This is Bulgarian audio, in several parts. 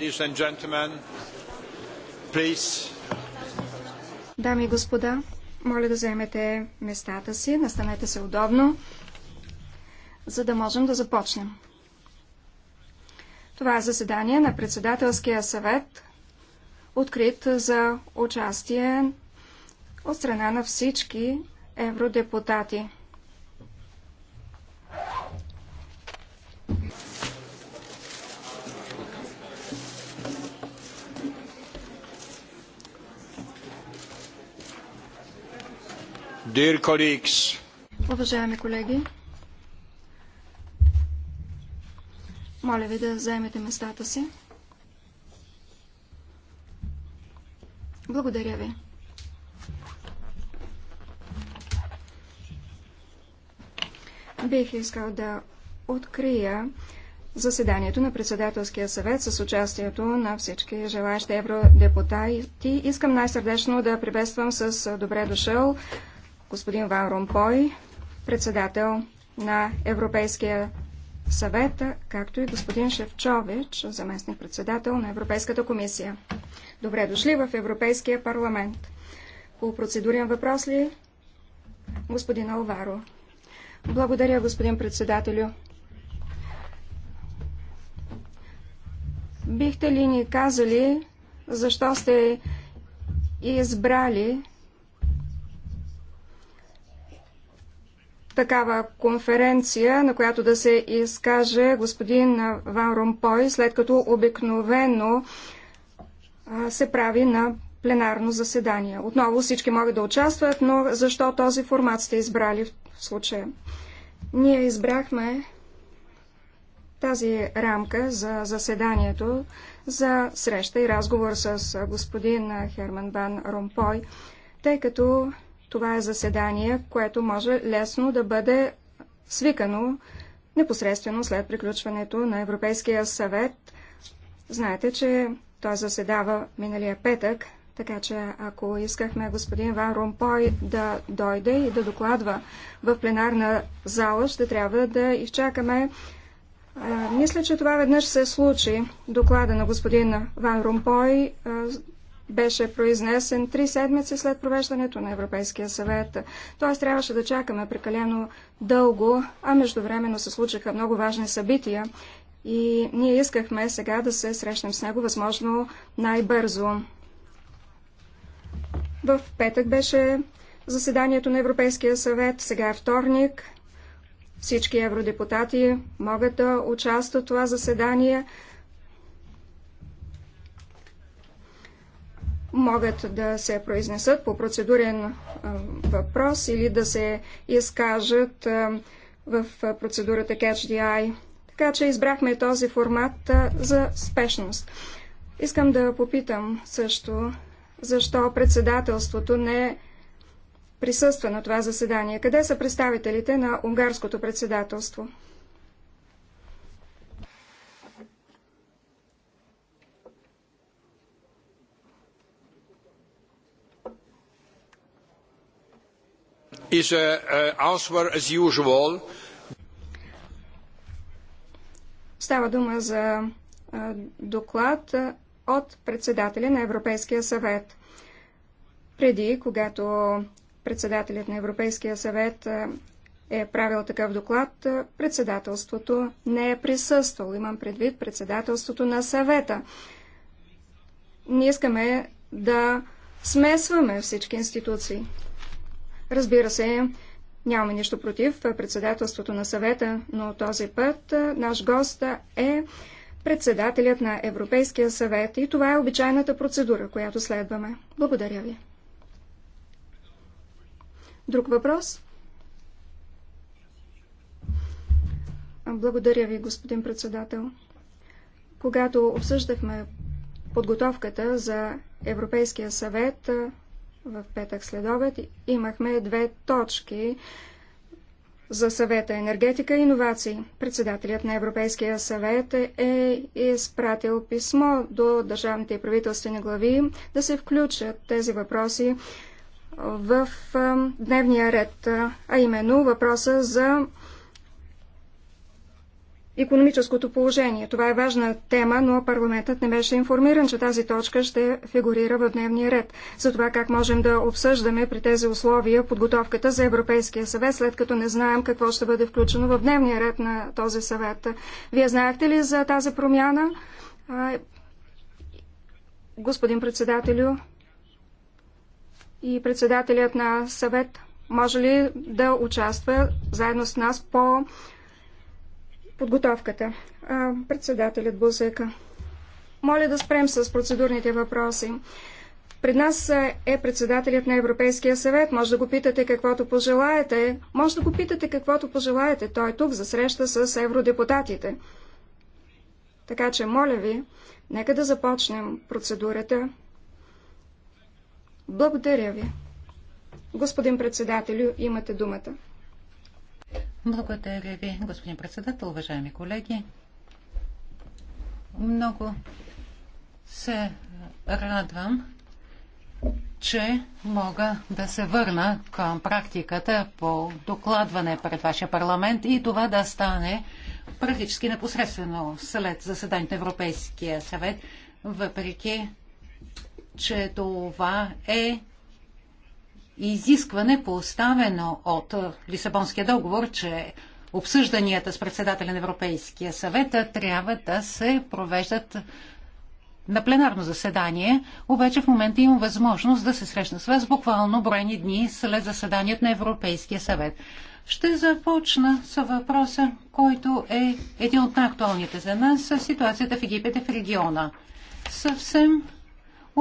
Ladies and gentlemen, please. Дами и господа, моля да заемете местата си, настанете се удобно, за да можем да започнем. Това е заседание на председателския съвет, открит за участие от страна на всички евродепутати. Dear colleagues. Уважаеми колеги, моля ви да заемете местата си. Благодаря ви. Бих искал да открия заседанието на председателския съвет с участието на всички желаящи евродепутати. Искам най-сърдечно да приветствам с добре дошъл господин Ван Ромпой, председател на Европейския съвет, както и господин Шевчович, заместник-председател на Европейската комисия. Добре дошли в Европейския парламент. По процедурен въпрос ли? Господин Алваро. Благодаря, господин председателю. Бихте ли ни казали защо сте избрали такава конференция, на която да се изкаже господин Ван Ромпой, след като обикновено се прави на пленарно заседание. Отново всички могат да участват, но защо този формат сте избрали в случая? Ние избрахме тази рамка за заседанието за среща и разговор с господин Херман Ван Ромпой, тъй като това е заседание, което може лесно да бъде свикано непосредствено след приключването на Европейския съвет. Знаете, че той заседава миналия петък, така че ако искахме господин Ван Ромпой да дойде и да докладва в пленарна зала, ще трябва да изчакаме. мисля, че това веднъж се случи. Доклада на господин Ван Ромпой беше произнесен три седмици след провеждането на Европейския съвет. Т.е. трябваше да чакаме прекалено дълго, а междувременно се случиха много важни събития и ние искахме сега да се срещнем с него възможно най-бързо. В петък беше заседанието на Европейския съвет, сега е вторник. Всички евродепутати могат да участват в това заседание. могат да се произнесат по процедурен въпрос или да се изкажат в процедурата Catch the Eye. Така че избрахме този формат за спешност. Искам да попитам също, защо председателството не присъства на това заседание. Къде са представителите на унгарското председателство? is eh, eh, answer as usual. Става дума за е, доклад е, от председателя на Европейския съвет. Преди, когато председателят на Европейския съвет е, е правил такъв доклад, председателството не е присъствало. Имам предвид председателството на съвета. Ние искаме да смесваме всички институции. Разбира се, нямаме нищо против председателството на съвета, но този път наш гост е председателят на Европейския съвет и това е обичайната процедура, която следваме. Благодаря ви. Друг въпрос? Благодаря ви, господин председател. Когато обсъждахме подготовката за Европейския съвет, в петък след обед имахме две точки за съвета енергетика и иновации. Председателят на Европейския съвет е изпратил писмо до държавните и правителствени глави да се включат тези въпроси в дневния ред, а именно въпроса за економическото положение. Това е важна тема, но парламентът не беше информиран, че тази точка ще фигурира в дневния ред. За това как можем да обсъждаме при тези условия подготовката за Европейския съвет, след като не знаем какво ще бъде включено в дневния ред на този съвет. Вие знаехте ли за тази промяна? Господин председателю и председателят на съвет, може ли да участва заедно с нас по подготовката. Председателят Бузека. Моля да спрем с процедурните въпроси. Пред нас е председателят на Европейския съвет. Може да го питате каквото пожелаете. Може да го питате каквото пожелаете. Той е тук за среща с евродепутатите. Така че, моля ви, нека да започнем процедурата. Благодаря ви. Господин председателю, имате думата. Благодаря ви, господин председател, уважаеми колеги. Много се радвам, че мога да се върна към практиката по докладване пред вашия парламент и това да стане практически непосредствено след заседанието на Европейския съвет, въпреки че това е изискване, поставено от Лисабонския договор, че обсъжданията с председателя на Европейския съвет трябва да се провеждат на пленарно заседание, обаче в момента имам възможност да се срещна с вас буквално броени дни след заседанието на Европейския съвет. Ще започна с въпроса, който е един от най-актуалните за нас, с ситуацията в Египет и в региона. Съвсем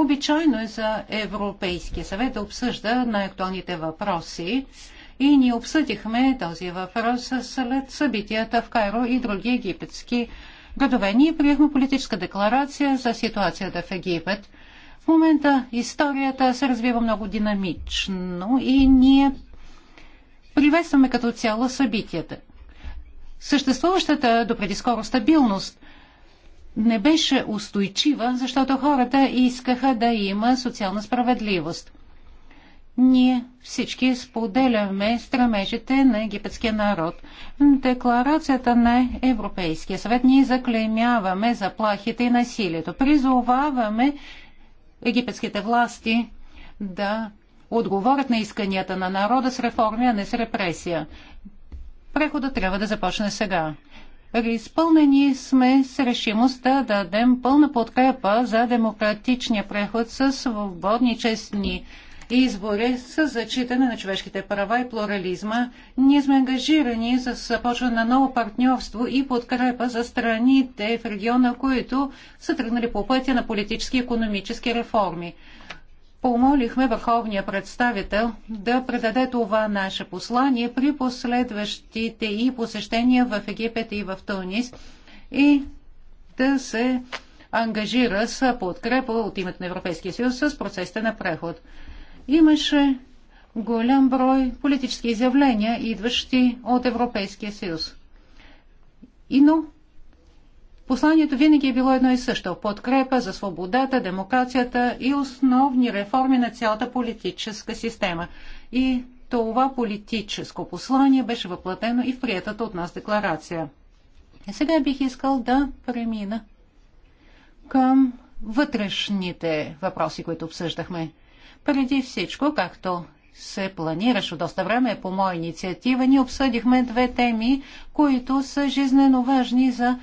Обичайно е за Европейския съвет да обсъжда най-актуалните въпроси и ние обсъдихме този въпрос след събитията в Кайро и други египетски градове. Ние приехме политическа декларация за ситуацията в Египет. В момента историята се развива много динамично и ние приветстваме като цяло събитията. Съществуващата допреди скоро стабилност не беше устойчива, защото хората искаха да има социална справедливост. Ние всички споделяме стремежите на египетския народ. Декларацията на Европейския съвет ние заклеймяваме заплахите и насилието. Призоваваме египетските власти да отговорят на исканията на народа с реформи, а не с репресия. Преходът трябва да започне сега изпълнени сме с решимост да дадем пълна подкрепа за демократичния преход с свободни, честни избори с зачитане на човешките права и плурализма. Ние сме ангажирани за започване на ново партньорство и подкрепа за страните в региона, които са тръгнали по пътя на политически и економически реформи помолихме върховния представител да предаде това наше послание при последващите и посещения в Египет и в Тунис и да се ангажира с подкрепа от името на Европейския съюз с процесите на преход. Имаше голям брой политически изявления, идващи от Европейския съюз. И но Посланието винаги е било едно и също – подкрепа за свободата, демокрацията и основни реформи на цялата политическа система. И това политическо послание беше въплатено и в приятата от нас декларация. И сега бих искал да премина към вътрешните въпроси, които обсъждахме. Преди всичко, както се планираше доста време по моя инициатива, ни обсъдихме две теми, които са жизнено важни за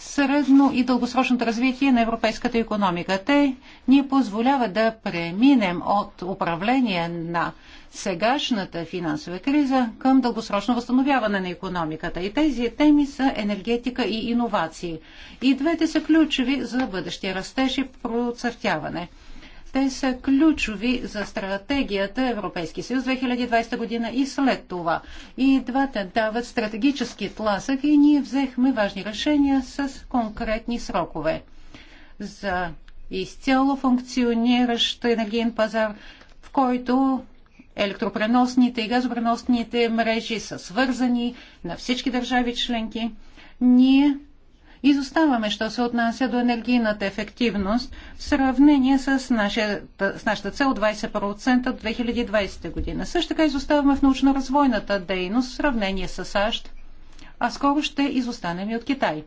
средно и дългосрочното развитие на европейската економика. Те ни позволяват да преминем от управление на сегашната финансова криза към дългосрочно възстановяване на економиката. И тези теми са енергетика и иновации. И двете са ключови за бъдещия растеж и процъфтяване. Те са ключови за стратегията Европейски съюз 2020 година и след това. И двата дават стратегически тласък и ние взехме важни решения с конкретни срокове за изцяло функциониращ енергиен пазар, в който електропреносните и газопреносните мрежи са свързани на всички държави членки. Ние изоставаме, що се отнася до енергийната ефективност в сравнение с, нашата, с нашата цел 20% от 2020 година. Също така изоставаме в научно-развойната дейност в сравнение с САЩ, а скоро ще изостанем и от Китай.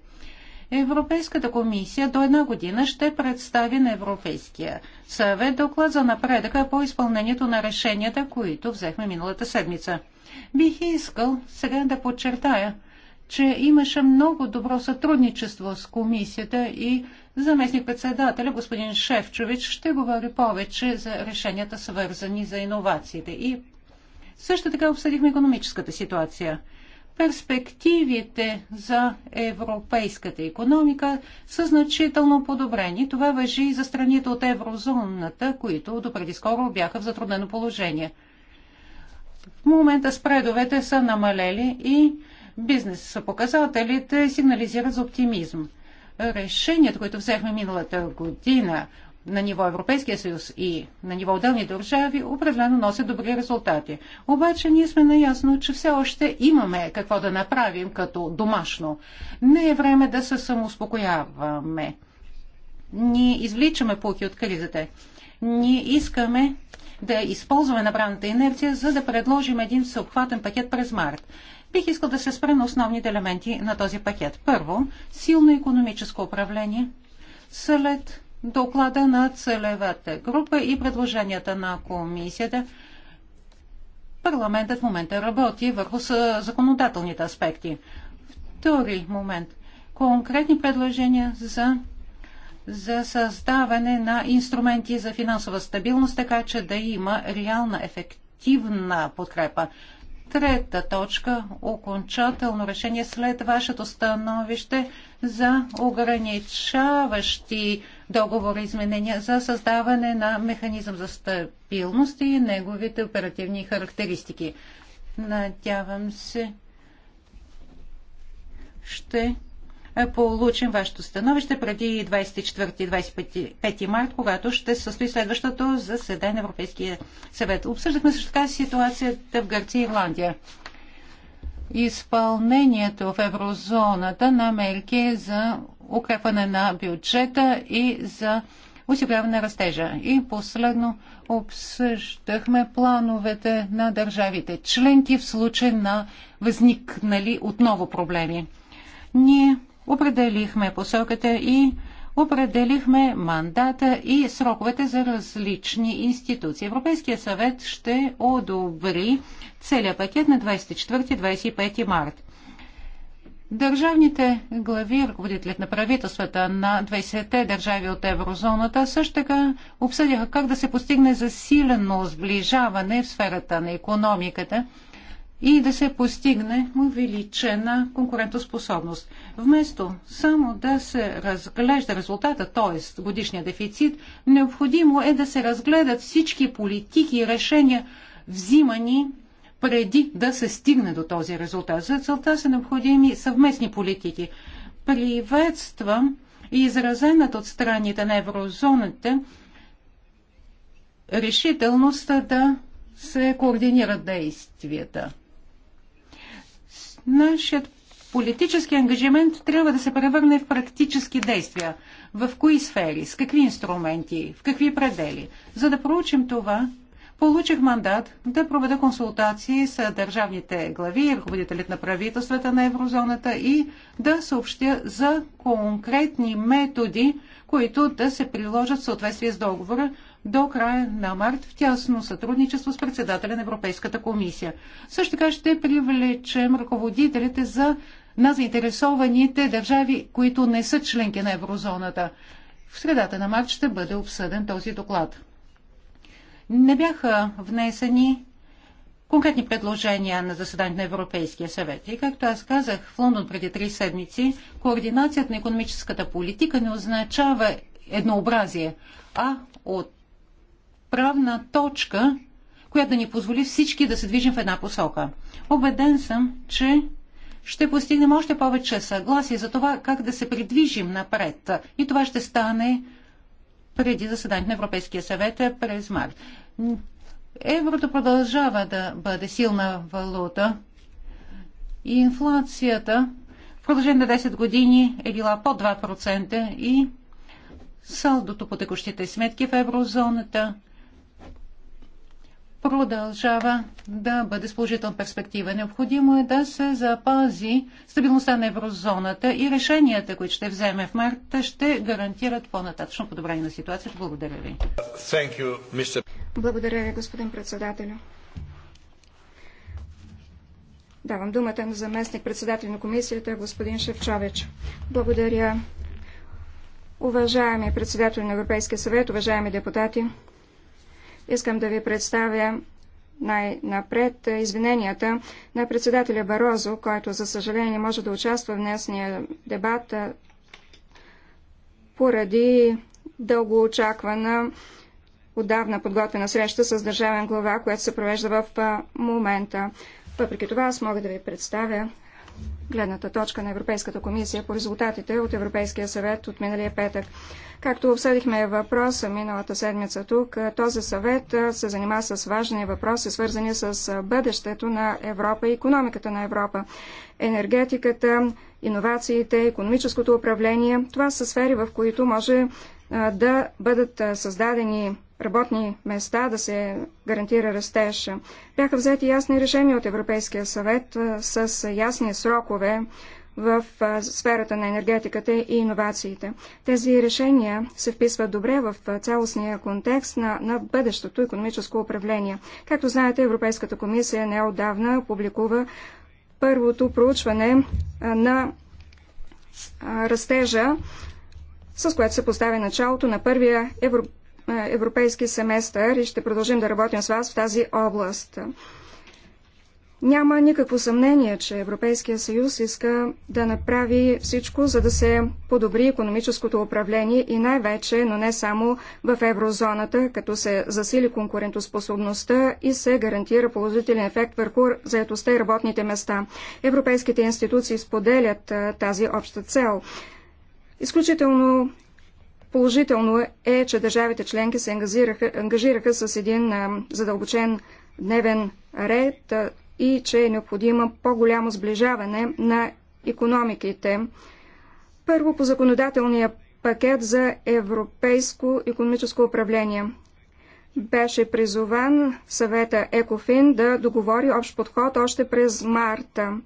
Европейската комисия до една година ще представи на Европейския съвет доклад за напредъка по изпълнението на решенията, които взехме миналата седмица. Бих искал сега да подчертая, че имаше много добро сътрудничество с комисията и заместник-председателя господин Шевчович ще говори повече за решенията свързани за иновациите. И също така обсъдихме економическата ситуация. Перспективите за европейската економика са значително подобрени. Това въжи и за страните от еврозоната, които допреди скоро бяха в затруднено положение. В момента спредовете са намалели и Бизнес показателите сигнализират за оптимизъм. Решението, което взехме миналата година на ниво Европейския съюз и на ниво отделни държави, определено носят добри резултати. Обаче ние сме наясно, че все още имаме какво да направим като домашно. Не е време да се самоуспокояваме. Ние извличаме пуки от кризата. Ние искаме да използваме набраната инерция, за да предложим един всеобхватен пакет през март. Бих искал да се спра на основните елементи на този пакет. Първо, силно економическо управление. След доклада на целевата група и предложенията на комисията, парламентът в момента работи върху законодателните аспекти. Втори момент. Конкретни предложения за за създаване на инструменти за финансова стабилност, така че да има реална ефективна подкрепа. Трета точка – окончателно решение след вашето становище за ограничаващи договори изменения за създаване на механизъм за стабилност и неговите оперативни характеристики. Надявам се, ще е, получим вашето становище преди 24-25 март, когато ще състои следващото заседание на Европейския съвет. Обсъждахме също така ситуацията в Гърция и Ирландия. Изпълнението в еврозоната на мерки за укрепване на бюджета и за осигуряване на растежа. И последно обсъждахме плановете на държавите членки в случай на възникнали отново проблеми. Ние определихме посоката и определихме мандата и сроковете за различни институции. Европейския съвет ще одобри целият пакет на 24-25 март. Държавните глави, ръководителят на правителствата на 20-те държави от еврозоната, също така обсъдиха как да се постигне засилено сближаване в сферата на економиката – и да се постигне увеличена конкурентоспособност. Вместо само да се разглежда резултата, т.е. годишния дефицит, необходимо е да се разгледат всички политики и решения, взимани преди да се стигне до този резултат. За целта са необходими съвместни политики. Приветствам и изразената от страните на еврозоната решителността да се координират действията. Нашият политически ангажимент трябва да се превърне в практически действия. В кои сфери, с какви инструменти, в какви предели. За да проучим това, получих мандат да проведа консултации с държавните глави и ръководителите на правителствата на еврозоната и да съобщя за конкретни методи, които да се приложат в съответствие с договора, до края на март в тясно сътрудничество с председателя на Европейската комисия. Също така ще привлечем ръководителите за, на заинтересованите държави, които не са членки на еврозоната. В средата на март ще бъде обсъден този доклад. Не бяха внесени конкретни предложения на заседание на Европейския съвет. И както аз казах в Лондон преди три седмици, координацията на економическата политика не означава еднообразие, а от правна точка, която да ни позволи всички да се движим в една посока. Обеден съм, че ще постигнем още повече съгласие за това как да се придвижим напред. И това ще стане преди заседанието на Европейския съвет през март. Еврото продължава да бъде силна валута. И инфлацията в продължение на 10 години е била под 2% и салдото по текущите сметки в еврозоната – продължава да бъде с положителна перспектива. Необходимо е да се запази стабилността на еврозоната и решенията, които ще вземе в марта, ще гарантират по-нататъчно подобрение на ситуацията. Благодаря ви. You, Благодаря ви, господин председателю. Давам думата на заместник председател на комисията, господин Шевчович. Благодаря. Уважаеми председател на Европейския съвет, уважаеми депутати, Искам да ви представя най-напред извиненията на председателя Барозо, който за съжаление може да участва в днесния дебат поради дълго очаквана отдавна подготвена среща с държавен глава, която се провежда в момента. Въпреки това аз мога да ви представя гледната точка на Европейската комисия по резултатите от Европейския съвет от миналия петък. Както обсъдихме въпроса миналата седмица тук, този съвет се занимава с важни въпроси, свързани с бъдещето на Европа и економиката на Европа. Енергетиката, иновациите, економическото управление – това са сфери, в които може да бъдат създадени работни места, да се гарантира растеж. Бяха взети ясни решения от Европейския съвет с ясни срокове в сферата на енергетиката и иновациите. Тези решения се вписват добре в цялостния контекст на, на бъдещото економическо управление. Както знаете, Европейската комисия неодавна публикува първото проучване на растежа, с което се поставя началото на първия европейски европейски семестър и ще продължим да работим с вас в тази област. Няма никакво съмнение, че Европейския съюз иска да направи всичко, за да се подобри економическото управление и най-вече, но не само в еврозоната, като се засили конкурентоспособността и се гарантира положителен ефект върху заетостта и работните места. Европейските институции споделят тази обща цел. Изключително положително е, че държавите членки се ангажираха, ангажираха с един задълбочен дневен ред и че е необходимо по-голямо сближаване на економиките. Първо по законодателния пакет за европейско економическо управление. Беше призован съвета ЕКОФИН да договори общ подход още през марта.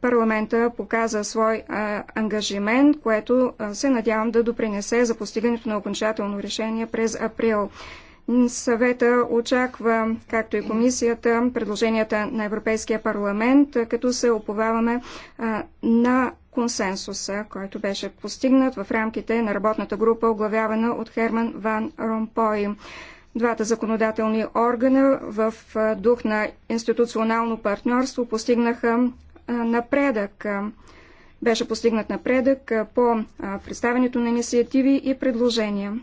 Парламента показа свой а, ангажимент, което а, се надявам да допринесе за постигането на окончателно решение през април. Съвета очаква, както и комисията, предложенията на Европейския парламент, като се оповаваме на консенсуса, който беше постигнат в рамките на работната група, оглавявана от Херман Ван Ромпой. Двата законодателни органа в дух на институционално партньорство постигнаха напредък. Беше постигнат напредък по представянето на инициативи и предложения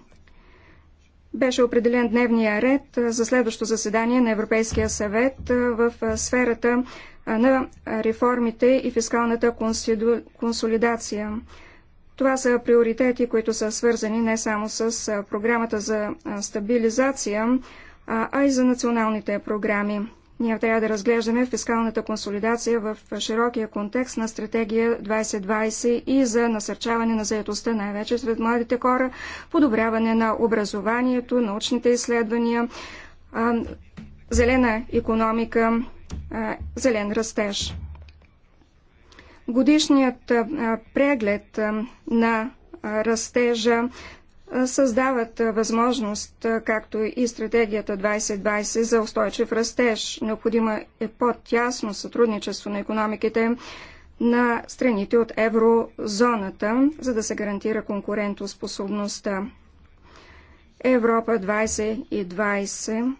беше определен дневния ред за следващото заседание на Европейския съвет в сферата на реформите и фискалната консолидация. Това са приоритети, които са свързани не само с програмата за стабилизация, а и за националните програми. Ние трябва да разглеждаме фискалната консолидация в широкия контекст на стратегия 2020 и за насърчаване на заедостта, най-вече сред младите хора, подобряване на образованието, научните изследвания, зелена економика, зелен растеж. Годишният преглед на растежа създават възможност, както и стратегията 2020 за устойчив растеж. Необходимо е по-тясно сътрудничество на економиките на страните от еврозоната, за да се гарантира конкурентоспособността. Европа 2020,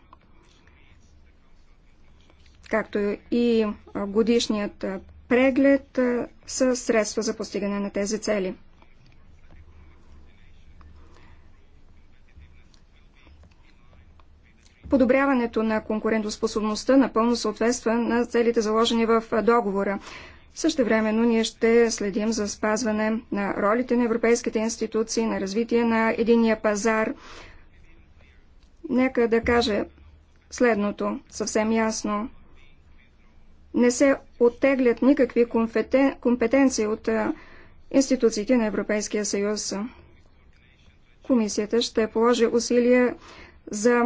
както и годишният преглед, са средства за постигане на тези цели. Подобряването на конкурентоспособността напълно съответства на целите заложени в договора. Също времено ние ще следим за спазване на ролите на европейските институции, на развитие на единия пазар. Нека да кажа следното съвсем ясно. Не се оттеглят никакви компетенции от институциите на Европейския съюз. Комисията ще положи усилия за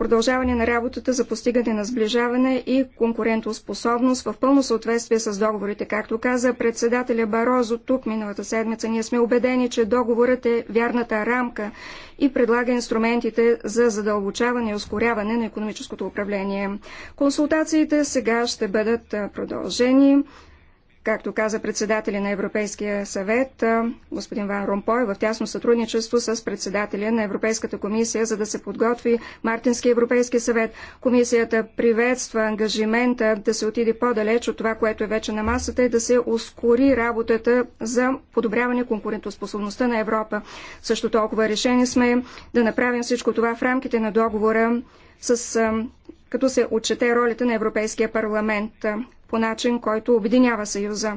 продължаване на работата за постигане на сближаване и конкурентоспособност в пълно съответствие с договорите. Както каза председателя Барозо тук миналата седмица, ние сме убедени, че договорът е вярната рамка и предлага инструментите за задълбочаване и ускоряване на економическото управление. Консултациите сега ще бъдат продължени както каза председателя на Европейския съвет, господин Ван Ромпой, в тясно сътрудничество с председателя на Европейската комисия, за да се подготви Мартински Европейски съвет. Комисията приветства ангажимента да се отиде по-далеч от това, което е вече на масата и да се ускори работата за подобряване конкурентоспособността на Европа. Също толкова решени сме да направим всичко това в рамките на договора с, като се отчете ролята на Европейския парламент по начин, който обединява Съюза.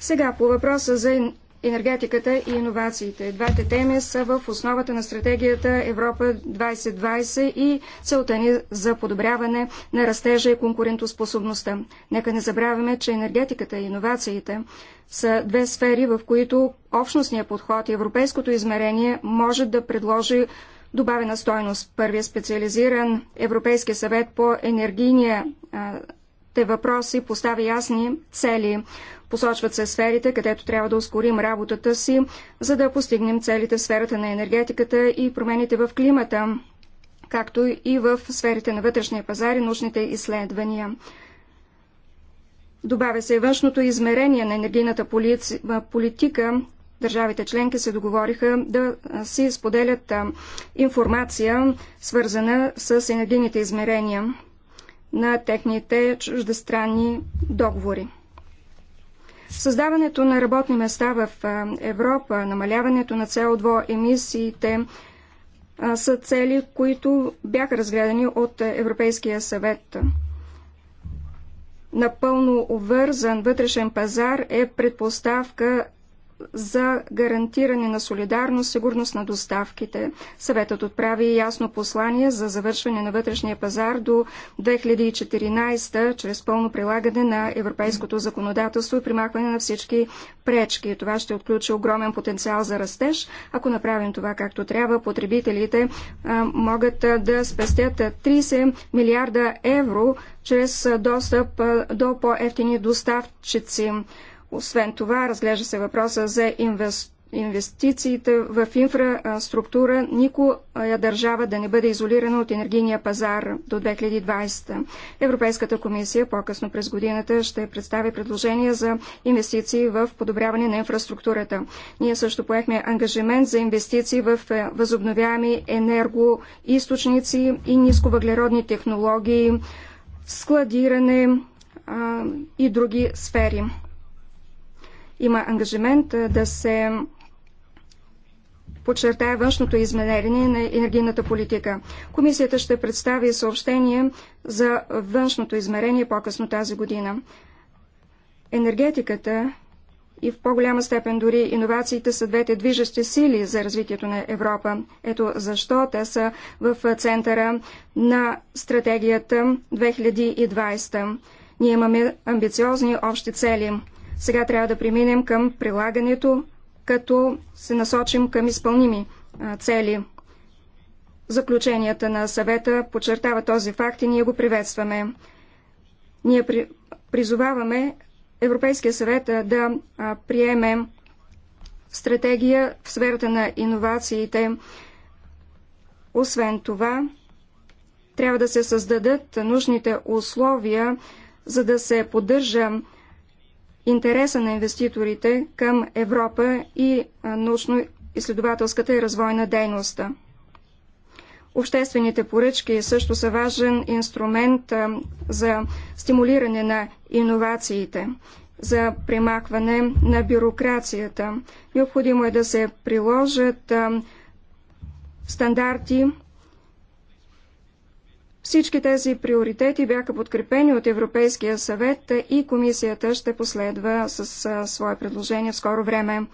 Сега по въпроса за енергетиката и иновациите. Двете теми са в основата на стратегията Европа 2020 и целта ни за подобряване на растежа и конкурентоспособността. Нека не забравяме, че енергетиката и иновациите са две сфери, в които общностният подход и европейското измерение може да предложи добавена стойност. Първия специализиран Европейски съвет по енергийния те въпроси поставя ясни цели. Посочват се сферите, където трябва да ускорим работата си, за да постигнем целите в сферата на енергетиката и промените в климата, както и в сферите на вътрешния пазар и научните изследвания. Добавя се външното измерение на енергийната политика Държавите членки се договориха да си споделят информация, свързана с енергийните измерения на техните чуждестранни договори. Създаването на работни места в Европа, намаляването на CO2 емисиите са цели, които бяха разгледани от Европейския съвет. Напълно обвързан вътрешен пазар е предпоставка за гарантиране на солидарност, сигурност на доставките. Съветът отправи ясно послание за завършване на вътрешния пазар до 2014 чрез пълно прилагане на европейското законодателство и примахване на всички пречки. Това ще отключи огромен потенциал за растеж. Ако направим това както трябва, потребителите а, могат да спестят 30 милиарда евро чрез достъп а, до по-ефтини доставчици. Освен това, разглежда се въпроса за инвестиции инвестициите в инфраструктура, никоя държава да не бъде изолирана от енергийния пазар до 2020. Европейската комисия по-късно през годината ще представи предложения за инвестиции в подобряване на инфраструктурата. Ние също поехме ангажимент за инвестиции в е, възобновяеми енергоисточници и нисковъглеродни технологии, складиране а, и други сфери има ангажимент е, да се подчертая външното измерение на енергийната политика. Комисията ще представи съобщение за външното измерение по-късно тази година. Енергетиката и в по-голяма степен дори иновациите са двете движещи сили за развитието на Европа. Ето защо те са в центъра на стратегията 2020. Ние имаме амбициозни общи цели – сега трябва да преминем към прилагането, като се насочим към изпълними цели. Заключенията на съвета подчертава този факт и ние го приветстваме. Ние при... призоваваме Европейския съвет да приеме стратегия в сферата на иновациите. Освен това, трябва да се създадат нужните условия, за да се поддържа интереса на инвеститорите към Европа и научно-изследователската и развойна дейност. Обществените поръчки също са важен инструмент за стимулиране на иновациите, за примахване на бюрокрацията. Необходимо е да се приложат стандарти всички тези приоритети бяха подкрепени от Европейския съвет и комисията ще последва с свое предложение в скоро време.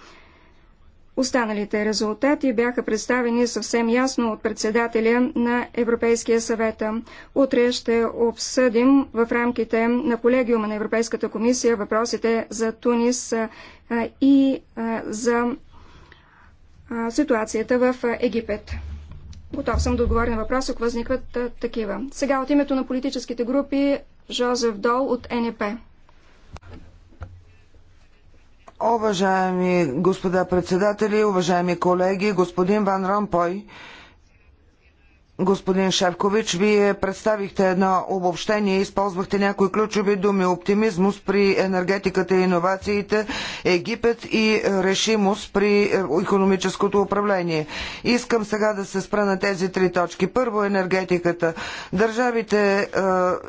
Останалите резултати бяха представени съвсем ясно от председателя на Европейския съвет. Утре ще обсъдим в рамките на колегиума на Европейската комисия въпросите за Тунис и за ситуацията в Египет. Готов съм да отговоря на въпрос, ако възникват а, такива. Сега от името на политическите групи Жозеф Дол от НЕП. Уважаеми господа председатели, уважаеми колеги, господин Ван Ромпой, Господин Шевкович, вие представихте едно обобщение, използвахте някои ключови думи. Оптимизмус при енергетиката и иновациите, Египет и решимост при економическото управление. Искам сега да се спра на тези три точки. Първо енергетиката. Държавите е,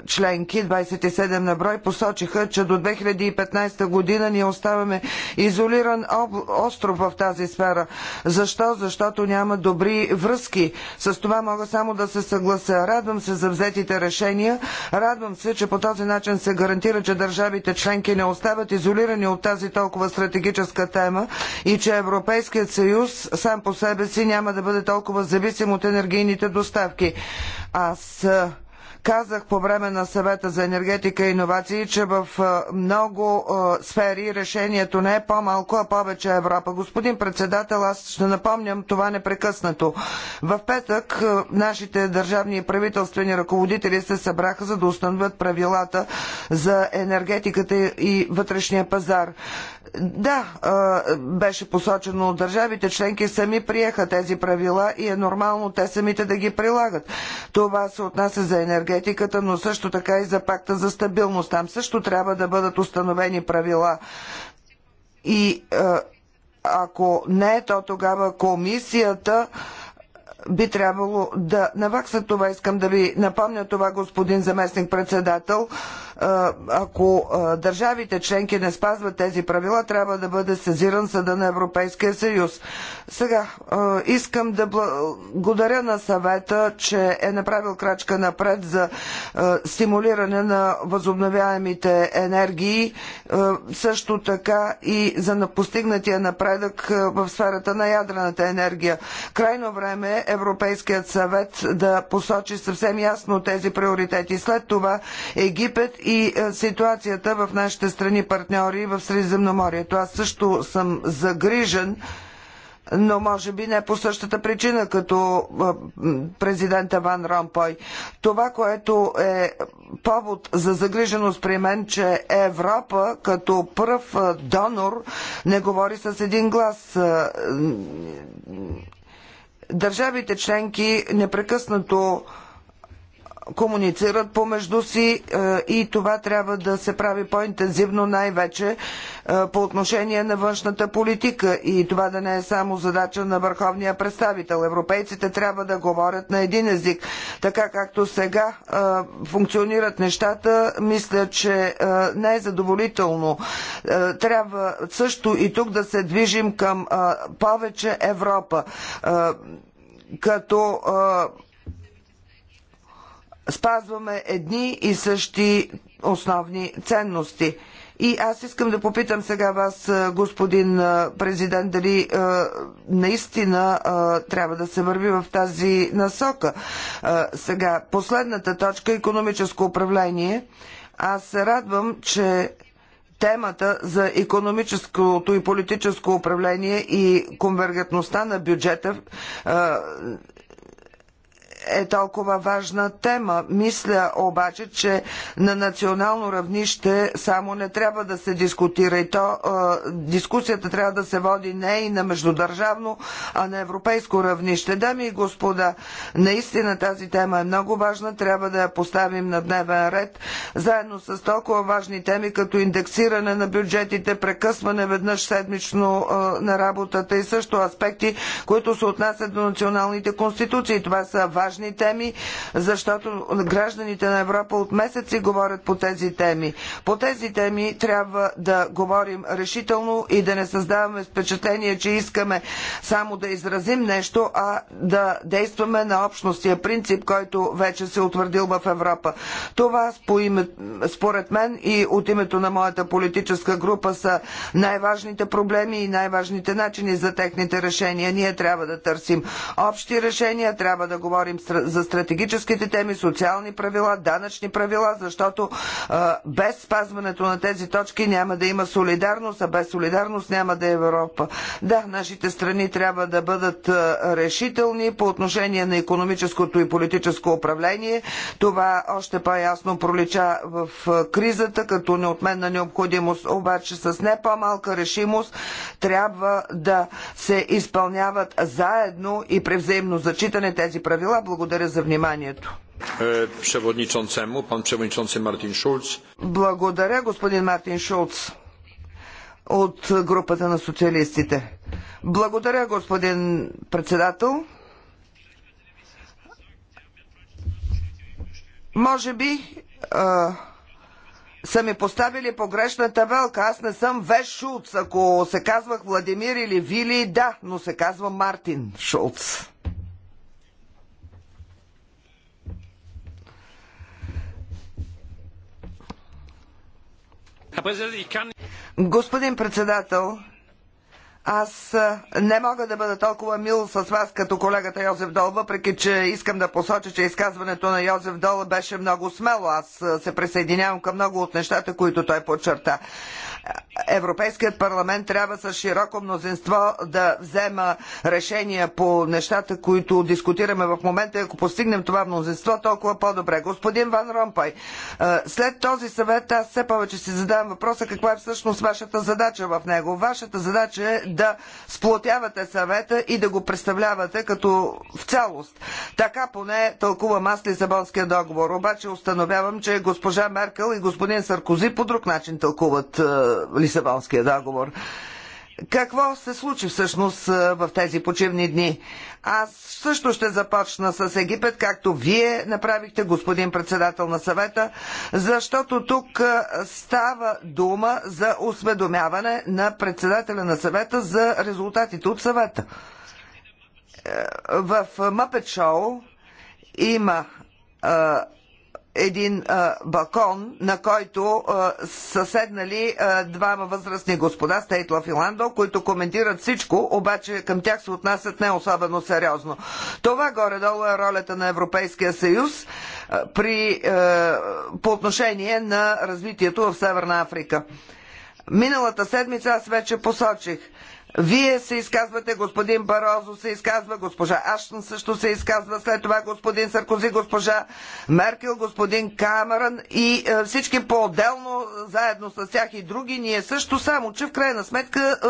членки, 27 на брой, посочиха, че до 2015 година ние оставаме изолиран остров в тази сфера. Защо? Защото няма добри връзки. С това мога само да се съглася. Радвам се за взетите решения. Радвам се, че по този начин се гарантира, че държавите членки не остават изолирани от тази толкова стратегическа тема и че Европейският съюз сам по себе си няма да бъде толкова зависим от енергийните доставки. Аз Казах по време на съвета за енергетика и иновации, че в много сфери решението не е по-малко, а повече Европа. Господин председател, аз ще напомням това непрекъснато. В петък нашите държавни и правителствени ръководители се събраха за да установят правилата за енергетиката и вътрешния пазар. Да, беше посочено от държавите членки сами приеха тези правила и е нормално те самите да ги прилагат. Това се отнася за енергетиката, но също така и за пакта за стабилност. Там също трябва да бъдат установени правила. И ако не, е то тогава комисията би трябвало да навакса това. Искам да ви напомня това, господин заместник председател ако държавите членки не спазват тези правила, трябва да бъде сезиран съда на Европейския съюз. Сега, искам да благодаря на съвета, че е направил крачка напред за стимулиране на възобновяемите енергии, също така и за постигнатия напредък в сферата на ядрената енергия. Крайно време е Европейският съвет да посочи съвсем ясно тези приоритети. След това Египет и е, ситуацията в нашите страни партньори в Средиземноморието. Аз също съм загрижен но може би не по същата причина като е, президента Ван Ромпой. Това, което е повод за загриженост при мен, че Европа като пръв е, донор не говори с един глас. Държавите членки непрекъснато комуницират помежду си е, и това трябва да се прави по-интензивно най-вече е, по отношение на външната политика и това да не е само задача на върховния представител. Европейците трябва да говорят на един език. Така както сега е, функционират нещата, мисля, че не е задоволително. Трябва също и тук да се движим към повече Европа. Като спазваме едни и същи основни ценности. И аз искам да попитам сега вас, господин президент, дали наистина трябва да се върви в тази насока. сега, последната точка економическо управление. Аз се радвам, че темата за економическото и политическо управление и конвергентността на бюджета е толкова важна тема. Мисля обаче, че на национално равнище само не трябва да се дискутира и то е, дискусията трябва да се води не и на междудържавно, а на европейско равнище. Дами и господа, наистина тази тема е много важна, трябва да я поставим на дневен ред, заедно с толкова важни теми, като индексиране на бюджетите, прекъсване веднъж седмично е, на работата и също аспекти, които се отнасят до националните конституции. Това са важни важни теми, защото гражданите на Европа от месеци говорят по тези теми. По тези теми трябва да говорим решително и да не създаваме впечатление, че искаме само да изразим нещо, а да действаме на общностия принцип, който вече се утвърдил в Европа. Това според мен и от името на моята политическа група са най-важните проблеми и най-важните начини за техните решения. Ние трябва да търсим общи решения, трябва да говорим за стратегическите теми, социални правила, данъчни правила, защото без спазването на тези точки няма да има солидарност, а без солидарност няма да е Европа. Да, нашите страни трябва да бъдат решителни по отношение на економическото и политическо управление. Това още по-ясно пролича в кризата като неотменна необходимост, обаче с не по-малка решимост трябва да се изпълняват заедно и при взаимно зачитане тези правила. Благодаря за вниманието. Е, благодаря, господин Мартин Шулц от групата на социалистите. Благодаря, господин председател. Може би а, са ми поставили погрешна табелка. Аз не съм Веш Шулц. Ако се казвах Владимир или Вили, да, но се казва Мартин Шулц. Господин председател, аз не мога да бъда толкова мил с вас като колегата Йозеф Дол, въпреки че искам да посоча, че изказването на Йозеф Дол беше много смело. Аз се присъединявам към много от нещата, които той подчерта. Европейският парламент трябва с широко мнозинство да взема решения по нещата, които дискутираме в момента. Ако постигнем това мнозинство, толкова по-добре. Господин Ван Ромпай, след този съвет аз все повече си задавам въпроса каква е всъщност вашата задача в него. Вашата задача е да сплотявате съвета и да го представлявате като в цялост. Така поне тълкувам аз Лисабонския договор. Обаче установявам, че госпожа Меркел и господин Саркози по друг начин тълкуват е, Лисабонския договор. Какво се случи всъщност в тези почивни дни? Аз също ще започна с Египет, както вие направихте, господин председател на съвета, защото тук става дума за осведомяване на председателя на съвета за резултатите от съвета. Е, в Мъпет Шоу има един а, балкон, на който а, са седнали а, двама възрастни господа, Стейтла и Ландо, които коментират всичко, обаче към тях се отнасят не особено сериозно. Това горе-долу е ролята на Европейския съюз а, при, а, по отношение на развитието в Северна Африка. Миналата седмица аз вече посочих – вие се изказвате, господин Барозо се изказва, госпожа Аштън също се изказва, след това господин Саркози, госпожа Меркел, господин Камерън и е, всички по-отделно, заедно с тях и други, ние също, само че в крайна сметка е,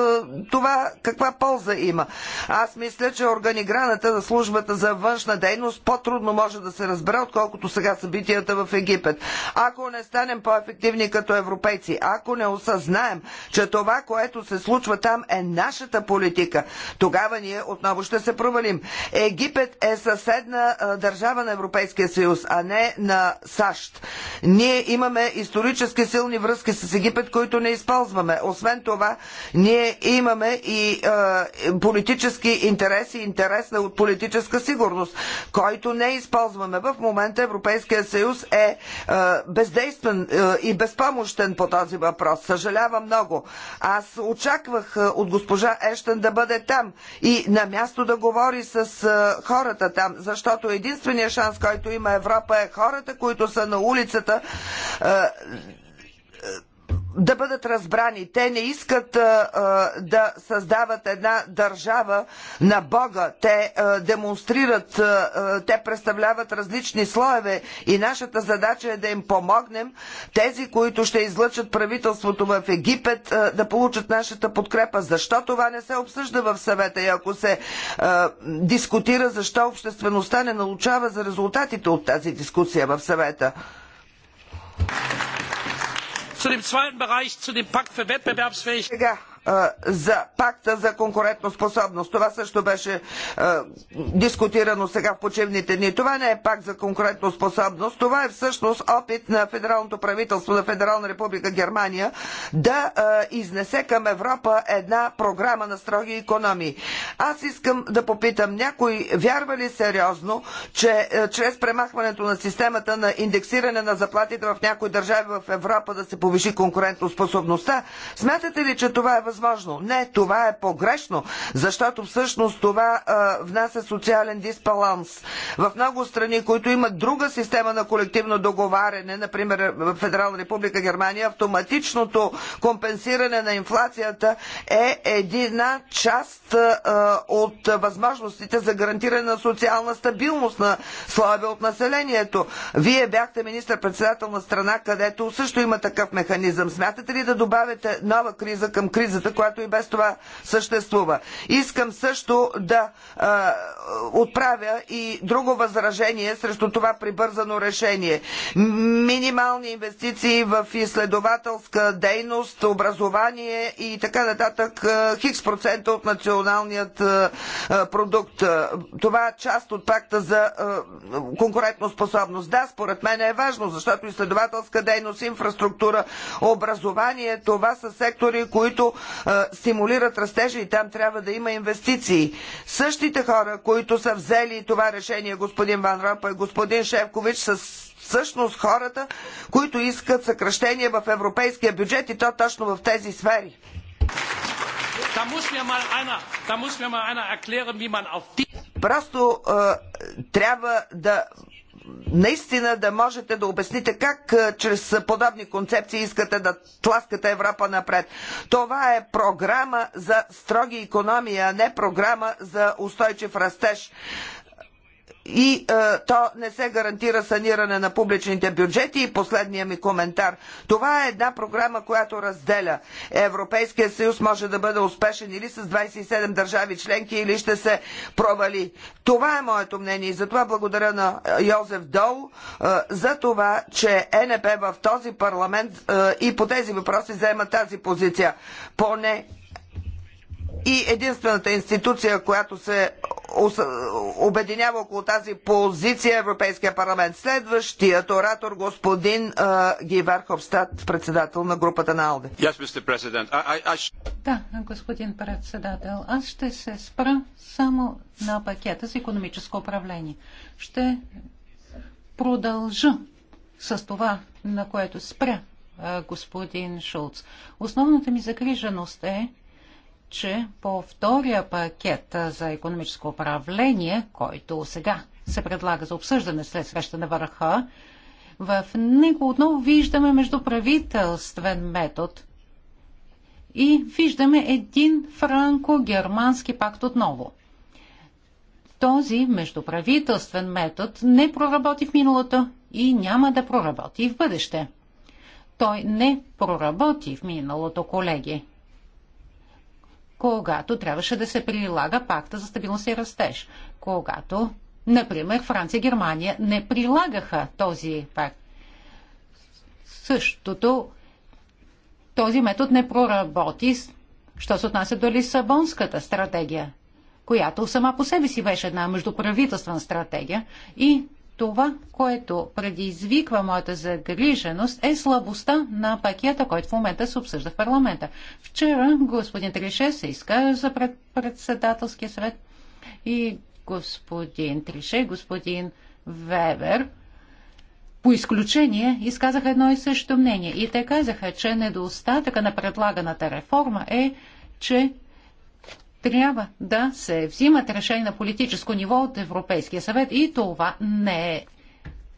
това каква полза има. Аз мисля, че органиграната на службата за външна дейност по-трудно може да се разбере, отколкото сега събитията в Египет. Ако не станем по-ефективни като европейци, ако не осъзнаем, че това, което се случва там е наше нашата политика, тогава ние отново ще се провалим. Египет е съседна държава на Европейския съюз, а не на САЩ. Ние имаме исторически силни връзки с Египет, които не използваме. Освен това, ние имаме и е, политически интереси, интерес от политическа сигурност, който не използваме. В момента Европейския съюз е, е бездействен е, и безпомощен по този въпрос. Съжалявам много. Аз очаквах от госпожа госпожа Ештън да бъде там и на място да говори с е, хората там, защото единственият шанс, който има Европа е хората, които са на улицата е, е, да бъдат разбрани. Те не искат а, а, да създават една държава на Бога. Те а, демонстрират, а, а, те представляват различни слоеве и нашата задача е да им помогнем тези, които ще излъчат правителството в Египет, а, да получат нашата подкрепа. Защо това не се обсъжда в съвета и ако се а, дискутира, защо обществеността не научава за резултатите от тази дискусия в съвета? Thank you zu dem zweiten Bereich, zu dem Pakt für Wettbewerbsfähigkeit за пакта за конкурентоспособност. Това също беше дискутирано сега в почивните дни. Това не е пакт за конкурентоспособност, това е всъщност опит на федералното правителство на Федерална република Германия да изнесе към Европа една програма на строги економии. Аз искам да попитам някой вярва ли сериозно, че чрез премахването на системата на индексиране на заплатите в някои държави в Европа да се повиши конкурентоспособността? Смятате ли, че това е възможност? възможно. Не, това е погрешно, защото всъщност това а, внася социален дисбаланс. В много страни, които имат друга система на колективно договаряне, например в Федерална република Германия, автоматичното компенсиране на инфлацията е една част а, от възможностите за гарантиране на социална стабилност на слабе от населението. Вие бяхте министър-председател на страна, където също има такъв механизъм. Смятате ли да добавите нова криза към кризата? кризата, която и без това съществува. Искам също да а, отправя и друго възражение срещу това прибързано решение. Минимални инвестиции в изследователска дейност, образование и така нататък, хикс процента от националният а, продукт. Това е част от пакта за конкурентоспособност. Да, според мен е важно, защото изследователска дейност, инфраструктура, образование, това са сектори, които стимулират растежа и там трябва да има инвестиции. Същите хора, които са взели това решение, господин Ван Ромпа и господин Шевкович, са всъщност хората, които искат съкръщение в европейския бюджет и то точно в тези сфери. Просто трябва да наистина да можете да обясните как чрез подобни концепции искате да тласкате Европа напред. Това е програма за строги економии, а не програма за устойчив растеж и е, то не се гарантира саниране на публичните бюджети. И последния ми коментар. Това е една програма, която разделя. Европейския съюз може да бъде успешен или с 27 държави членки, или ще се провали. Това е моето мнение и затова благодаря на е, Йозеф Дол е, за това, че ЕНП в този парламент е, и по тези въпроси взема тази позиция. Поне и единствената институция, която се обединява около тази позиция е Европейския парламент. Следващият оратор, господин uh, Гивар Хобстад, председател на групата на АЛДЕ. Yes, I, I... Да, господин председател, аз ще се спра само на пакета за економическо управление. Ще продължа с това, на което спря господин Шулц. Основната ми загриженост е, че по втория пакет за економическо управление, който сега се предлага за обсъждане след среща на върха, в него отново виждаме междуправителствен метод и виждаме един франко-германски пакт отново. Този междуправителствен метод не проработи в миналото и няма да проработи в бъдеще. Той не проработи в миналото, колеги когато трябваше да се прилага пакта за стабилност и растеж, когато, например, Франция и Германия не прилагаха този пакт. Същото този метод не проработи, що се отнася до Лисабонската стратегия, която сама по себе си беше една междуправителствена стратегия и това, което предизвиква моята загриженост, е слабостта на пакета, който в момента се обсъжда в парламента. Вчера господин Трише се изказа пред председателския съвет и господин Трише, господин Вебер, по изключение, изказаха едно и също мнение. И те казаха, че недостатъка на предлаганата реформа е, че трябва да се взимат решения на политическо ниво от Европейския съвет и това не е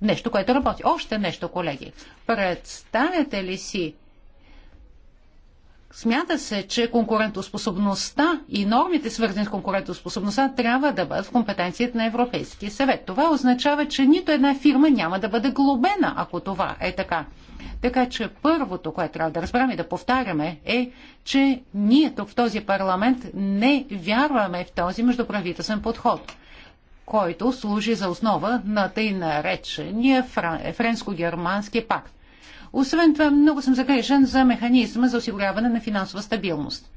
нещо, което работи. Още нещо, колеги. представете ли си Смята се, че конкурентоспособността и нормите, свързани с конкурентоспособността, трябва да бъдат в компетенцията на Европейския съвет. Това означава, че нито една фирма няма да бъде глобена, ако това е така. Така че първото, което трябва да разберем и да повтаряме е, че ние тук в този парламент не вярваме в този междуправителствен подход който служи за основа на тъй наречения френско-германски пакт. Освен това, много съм загрежен за механизма за осигуряване на финансова стабилност.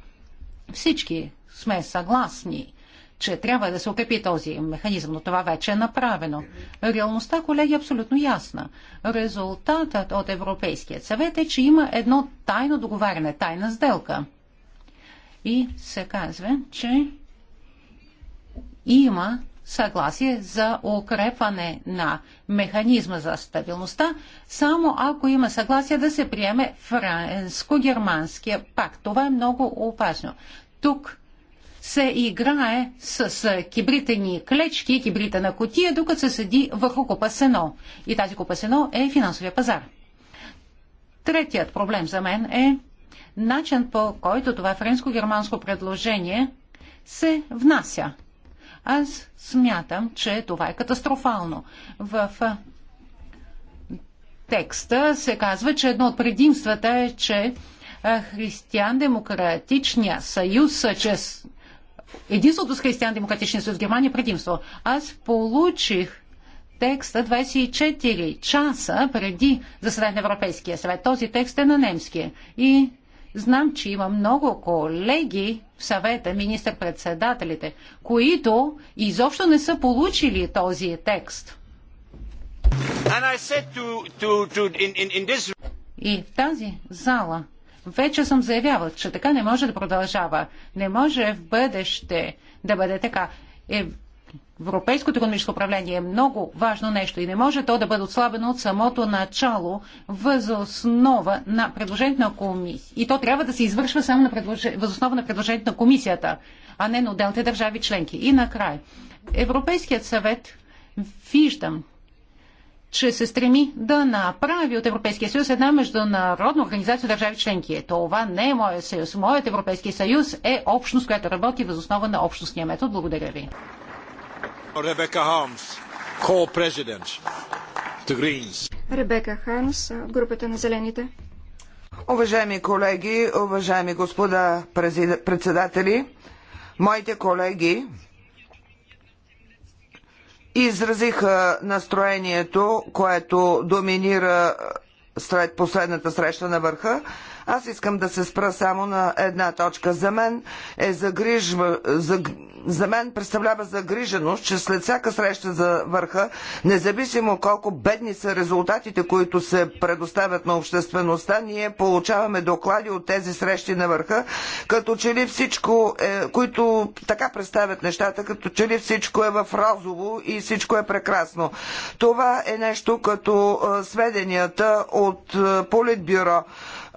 Всички сме съгласни, че трябва да се укрепи този механизъм, но това вече е направено. Реалността, колеги, е абсолютно ясна. Резултатът от Европейският съвет е, че има едно тайно договаряне, тайна сделка. И се казва, че има съгласие за укрепване на механизма за стабилността, само ако има съгласие да се приеме франско германския пакт. Това е много опасно. Тук се играе с, с кибрите ни клечки, кибрите на котия, докато се седи върху купа сено. И тази купа сено е финансовия пазар. Третият проблем за мен е начин по който това френско-германско предложение се внася аз смятам, че това е катастрофално. В текста се казва, че едно от предимствата е, че християн-демократичния съюз, че единството с християн-демократичния съюз Германия е предимство. Аз получих текста 24 часа преди заседание на Европейския съвет. Този текст е на немски. И Знам, че има много колеги в съвета, министър-председателите, които изобщо не са получили този текст. To, to, to, in, in this... И в тази зала вече съм заявявал, че така не може да продължава. Не може в бъдеще да бъде така. Е, европейското економическо управление е много важно нещо и не може то да бъде отслабено от самото начало въз основа на предложението на комисията. И то трябва да се извършва само на предлож... въз основа на предложението на комисията, а не на отделните държави членки. И накрая, Европейският съвет виждам, че се стреми да направи от Европейския съюз една международна организация държави членки. Е, това не е моят съюз. Моят Европейски съюз е общност, която работи въз основа на общностния метод. Благодаря ви. Ребека Harms, co-president, the Greens. Ребека Хармс, групата на Зелените. Уважаеми колеги, уважаеми господа председатели, моите колеги изразиха настроението, което доминира след последната среща на върха. Аз искам да се спра само на една точка. За мен е загрижва, за, за мен представлява загриженост, че след всяка среща за върха, независимо колко бедни са резултатите, които се предоставят на обществеността, ние получаваме доклади от тези срещи на върха, като че ли всичко, е, които така представят нещата, като че ли всичко е в розово и всичко е прекрасно. Това е нещо като сведенията от Политбюро.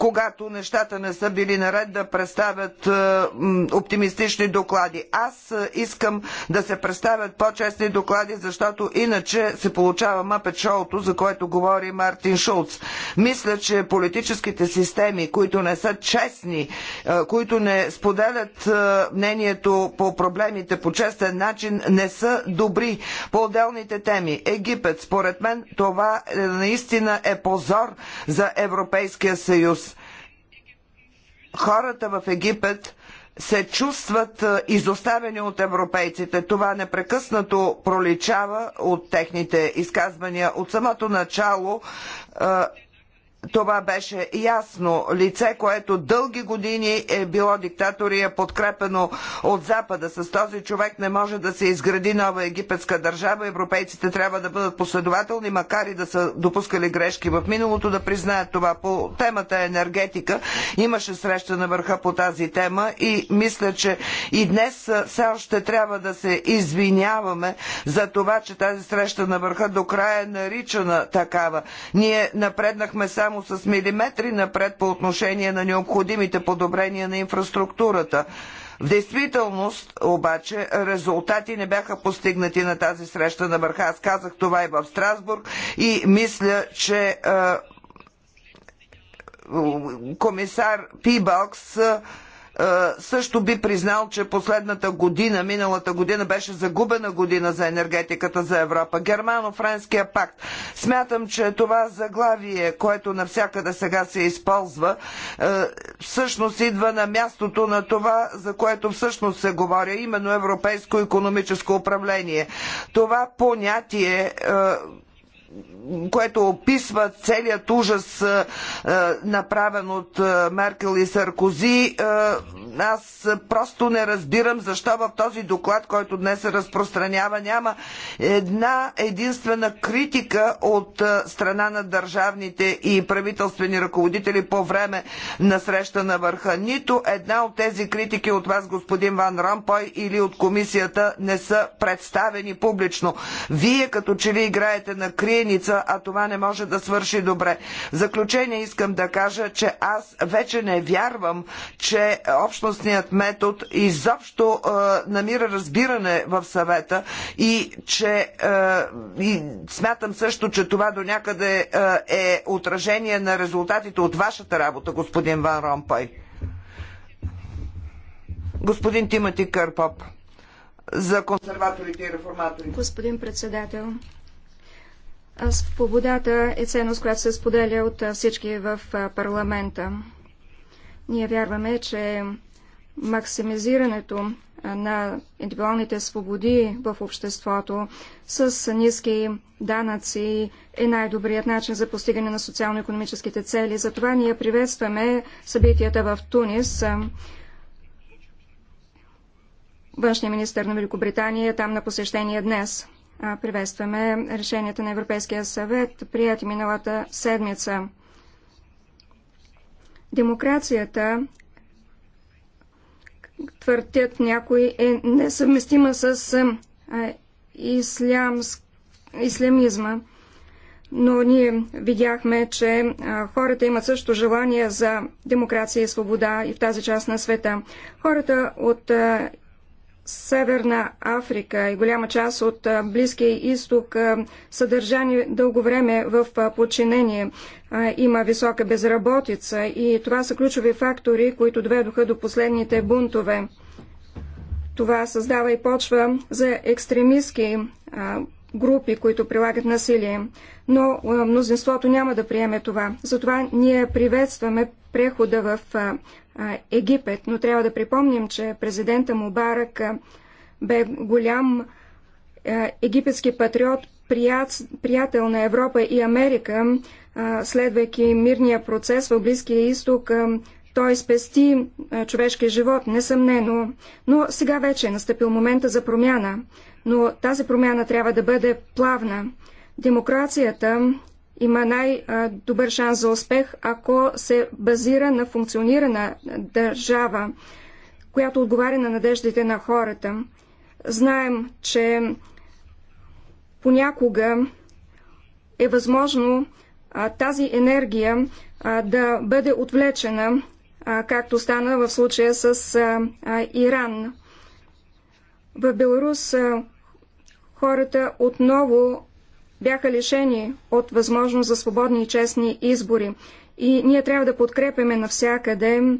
когато нещата не са били наред, да представят е, оптимистични доклади. Аз е, искам да се представят по-честни доклади, защото иначе се получава мъпет шоуто, за което говори Мартин Шулц. Мисля, че политическите системи, които не са честни, е, които не споделят мнението по проблемите по честен начин, не са добри по отделните теми. Египет, според мен, това наистина е позор за Европейския съюз хората в Египет се чувстват е, изоставени от европейците. Това непрекъснато проличава от техните изказвания. От самото начало е, това беше ясно. Лице, което дълги години е било диктатор и е подкрепено от Запада. С този човек не може да се изгради нова египетска държава. Европейците трябва да бъдат последователни, макар и да са допускали грешки в миналото, да признаят това. По темата енергетика имаше среща на върха по тази тема и мисля, че и днес все още трябва да се извиняваме за това, че тази среща на върха до края е наричана такава. Ние напреднахме само само с милиметри напред по отношение на необходимите подобрения на инфраструктурата. В действителност обаче резултати не бяха постигнати на тази среща на върха. Аз казах това и в Страсбург и мисля, че е, комисар Пибалкс е, е, също би признал, че последната година, миналата година беше загубена година за енергетиката за Европа. Германо-френския пакт. Смятам, че това заглавие, което навсякъде сега се използва, е, всъщност идва на мястото на това, за което всъщност се говоря, именно европейско економическо управление. Това понятие е, което описва целият ужас, е, е, направен от е, Меркел и Саркози, аз просто не разбирам защо в този доклад, който днес се разпространява, няма една единствена критика от страна на държавните и правителствени ръководители по време на среща на върха. Нито една от тези критики от вас, господин Ван Ромпой, или от комисията не са представени публично. Вие като че ли играете на криеница седмица, а това не може да свърши добре. В заключение искам да кажа, че аз вече не вярвам, че общностният метод изобщо е, намира разбиране в съвета и че е, и смятам също, че това до някъде е, е отражение на резултатите от вашата работа, господин Ван Ромпой. Господин Тимати Кърпоп за консерваторите и реформаторите. Господин председател, Свободата е ценност, която се споделя от всички в парламента. Ние вярваме, че максимизирането на индивидуалните свободи в обществото с ниски данъци е най-добрият начин за постигане на социално-економическите цели. Затова ние приветстваме събитията в Тунис. Външният министр на Великобритания е там на посещение днес. Приветстваме решението на Европейския съвет, прияти миналата седмица. Демокрацията, твърдят някои, е несъвместима с ислямизма. Но ние видяхме, че хората имат също желание за демокрация и свобода и в тази част на света. Хората от Северна Африка и голяма част от Близкия изток са държани дълго време в подчинение. Има висока безработица и това са ключови фактори, които доведоха до последните бунтове. Това създава и почва за екстремистски групи, които прилагат насилие. Но мнозинството няма да приеме това. Затова ние приветстваме прехода в Египет, но трябва да припомним, че президента Мубарак бе голям египетски патриот, приятел на Европа и Америка, следвайки мирния процес в Близкия изток, той спести човешкия живот, несъмнено. Но сега вече е настъпил момента за промяна. Но тази промяна трябва да бъде плавна. Демокрацията има най-добър шанс за успех, ако се базира на функционирана държава, която отговаря на надеждите на хората. Знаем, че понякога е възможно а, тази енергия а, да бъде отвлечена, а, както стана в случая с а, а, Иран. В Беларус а, хората отново бяха лишени от възможност за свободни и честни избори. И ние трябва да подкрепяме навсякъде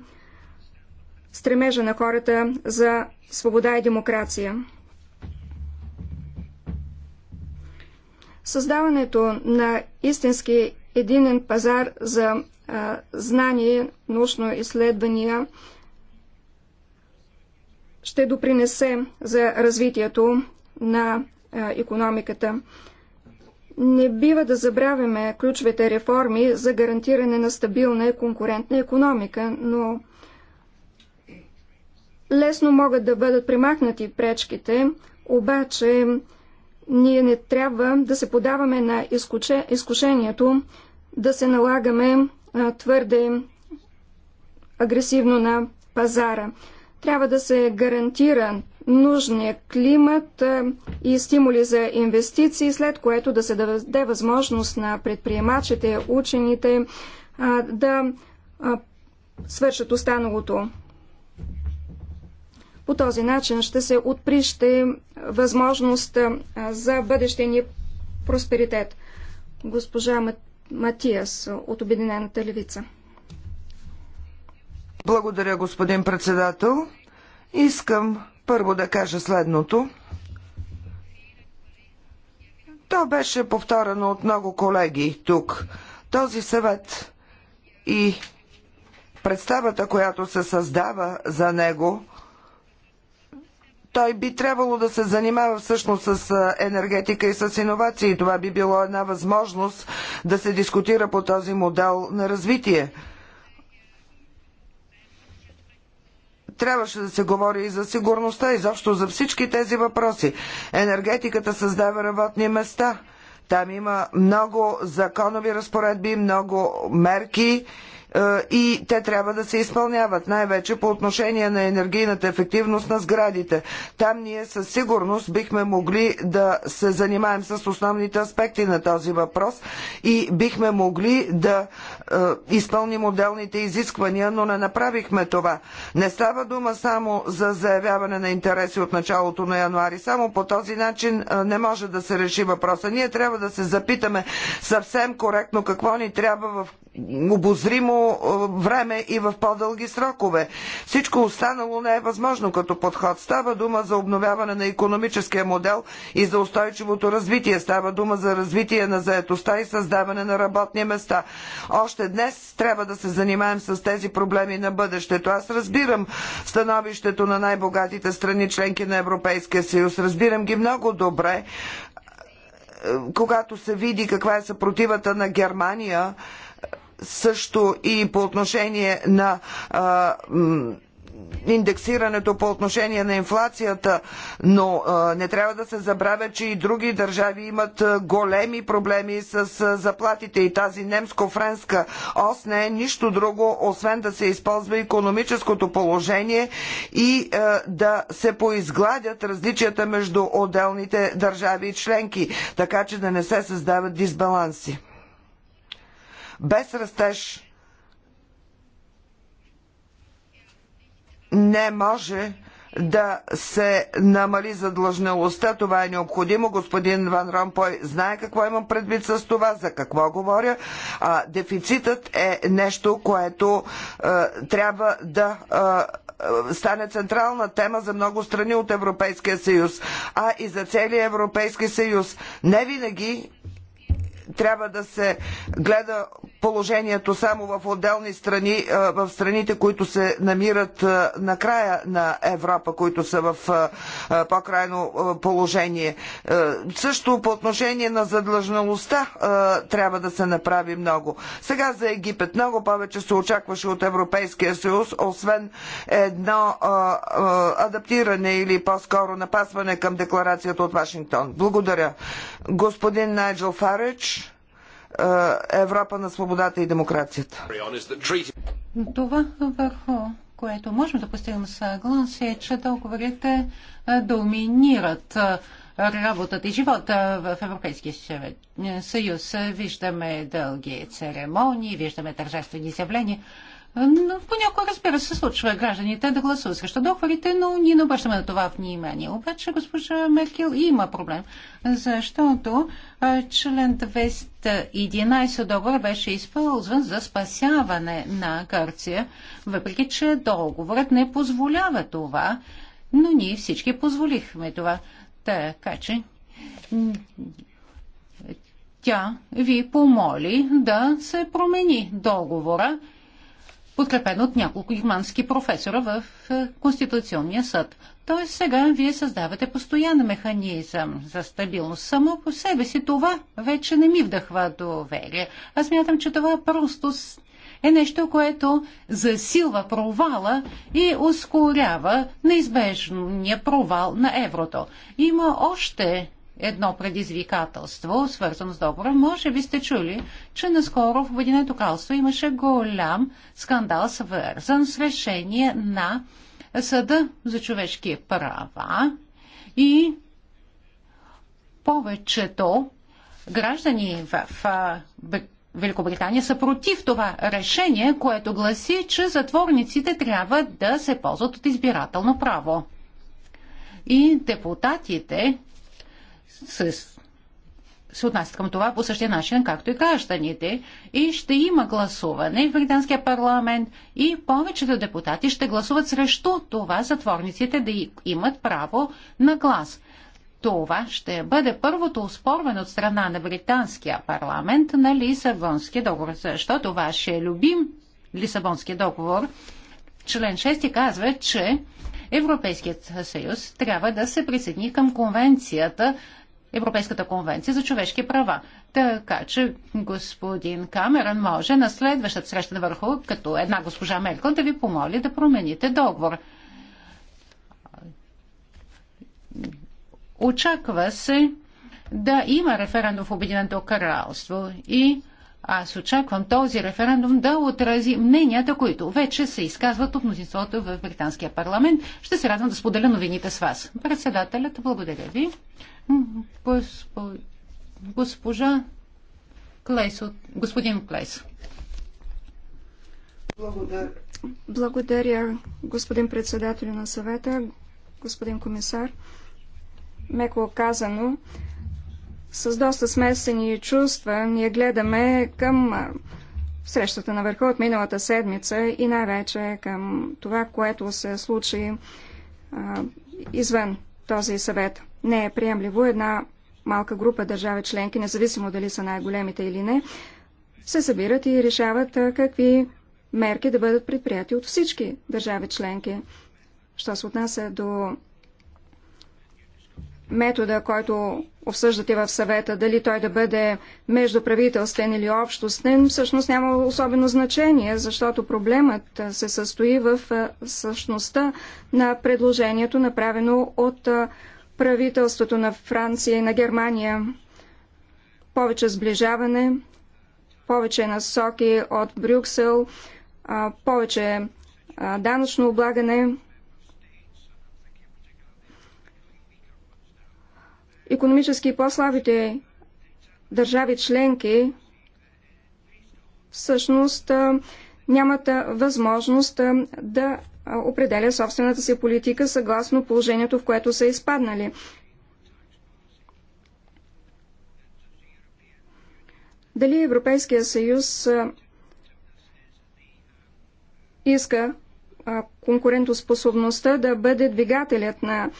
стремежа на хората за свобода и демокрация. Създаването на истински единен пазар за а, знание, научно изследвания ще допринесе за развитието на а, економиката. Не бива да забравяме ключовите реформи за гарантиране на стабилна и конкурентна економика, но лесно могат да бъдат примахнати пречките, обаче ние не трябва да се подаваме на изкушението да се налагаме твърде агресивно на пазара. Трябва да се гарантира нужния климат и стимули за инвестиции, след което да се даде възможност на предприемачите, учените да свършат останалото. По този начин ще се отприще възможност за бъдещия ни просперитет. Госпожа Матиас от Обединената левица. Благодаря, господин председател. Искам първо да кажа следното. То беше повторено от много колеги тук. Този съвет и представата, която се създава за него, той би трябвало да се занимава всъщност с енергетика и с иновации. Това би било една възможност да се дискутира по този модел на развитие. трябваше да се говори и за сигурността, и защо за всички тези въпроси. Енергетиката създава работни места. Там има много законови разпоредби, много мерки е, и те трябва да се изпълняват, най-вече по отношение на енергийната ефективност на сградите. Там ние със сигурност бихме могли да се занимаем с основните аспекти на този въпрос и бихме могли да е, изпълним отделните изисквания, но не направихме това. Не става дума само за заявяване на интереси от началото на януари. Само по този начин е, не може да се реши въпроса. Ние трябва да се запитаме съвсем коректно какво ни трябва в обозримо е, време и в по-дълги срокове. Всичко останало не е възможно като подход. Става дума за обновяване на економическия модел и за устойчивото развитие. Става дума за развитие на заетостта и създаване на работни места. Още днес трябва да се занимаем с тези проблеми на бъдещето. Аз разбирам становището на най-богатите страни, членки на Европейския съюз. Разбирам ги много добре. Е, когато се види каква е съпротивата на Германия, също и по отношение на индексирането по отношение на инфлацията, но не трябва да се забравя, че и други държави имат големи проблеми с заплатите и тази немско-френска ос не е нищо друго, освен да се използва економическото положение и да се поизгладят различията между отделните държави и членки, така че да не се създават дисбаланси. Без растеж не може да се намали задлъжнелостта. Това е необходимо. Господин Ван Ромпой знае какво имам предвид с това, за какво говоря. А, дефицитът е нещо, което а, е, трябва да. А, е, стане централна тема за много страни от Европейския съюз, а и за целия Европейски съюз. Не винаги трябва да се гледа положението само в отделни страни, в страните, които се намират на края на Европа, които са в по-крайно положение. Също по отношение на задлъжналостта трябва да се направи много. Сега за Египет много повече се очакваше от Европейския съюз, освен едно адаптиране или по-скоро напасване към декларацията от Вашингтон. Благодаря. Господин Найджел Фарич. Е, Европа на свободата и демокрацията. Това върху което можем да постигнем съглас е, че договорите е, доминират е, работата и живота в Европейския съюз. Виждаме дълги церемонии, виждаме тържествени изявления, но понякога, разбира се, случва гражданите да гласуват срещу доходите, но ние не обръщаме на това внимание. Обаче госпожа Меркел има проблем, защото член 211 договор беше използван за спасяване на Гърция, въпреки че договорът не позволява това, но ние всички позволихме това. Така че тя ви помоли да се промени договора подкрепен от няколко германски професора в е, Конституционния съд. Тоест сега вие създавате постоянен механизъм за стабилност. Само по себе си това вече не ми вдъхва доверие. Аз мятам, че това просто е нещо, което засилва провала и ускорява неизбежния провал на еврото. Има още едно предизвикателство, свързано с договора. Може би сте чули, че наскоро в Обединеното кралство имаше голям скандал, свързан с решение на Съда за човешки права и повечето граждани в Великобритания са против това решение, което гласи, че затворниците трябва да се ползват от избирателно право. И депутатите се, се отнасят към това по същия начин, както и гражданите. И ще има гласуване в британския парламент и повечето депутати ще гласуват срещу това затворниците да имат право на глас. Това ще бъде първото успорване от страна на британския парламент на Лисабонски договор, защото вашия любим Лисабонски договор, член 6 казва, че Европейският съюз трябва да се присъедини към конвенцията Европейската конвенция за човешки права. Така че господин Камерън може на следващата среща на върху, като една госпожа Меркел, да ви помоли да промените договор. Очаква се да има референдум в Обединеното кралство и аз очаквам този референдум да отрази мненията, които вече се изказват от мнозинството в Британския парламент. Ще се радвам да споделя новините с вас. Председателят, благодаря ви. Госпо... Госпожа Клейс от... Господин Клейс. Благодаря. Благодаря, господин председател на съвета, господин комисар. Меко казано, с доста смесени чувства ние гледаме към срещата на върха от миналата седмица и най-вече към това, което се случи а, извън този съвет. Не е приемливо една малка група държави членки, независимо дали са най-големите или не, се събират и решават а, какви мерки да бъдат предприяти от всички държави членки. Що се отнася до метода, който обсъждате в съвета, дали той да бъде междуправителствен или общностен, всъщност няма особено значение, защото проблемът се състои в същността на предложението, направено от правителството на Франция и на Германия. Повече сближаване, повече насоки от Брюксел, повече данъчно облагане – Економически по-слабите държави членки всъщност нямат възможност да определя собствената си политика съгласно положението, в което са изпаднали. Дали Европейския съюз иска конкурентоспособността да бъде двигателят на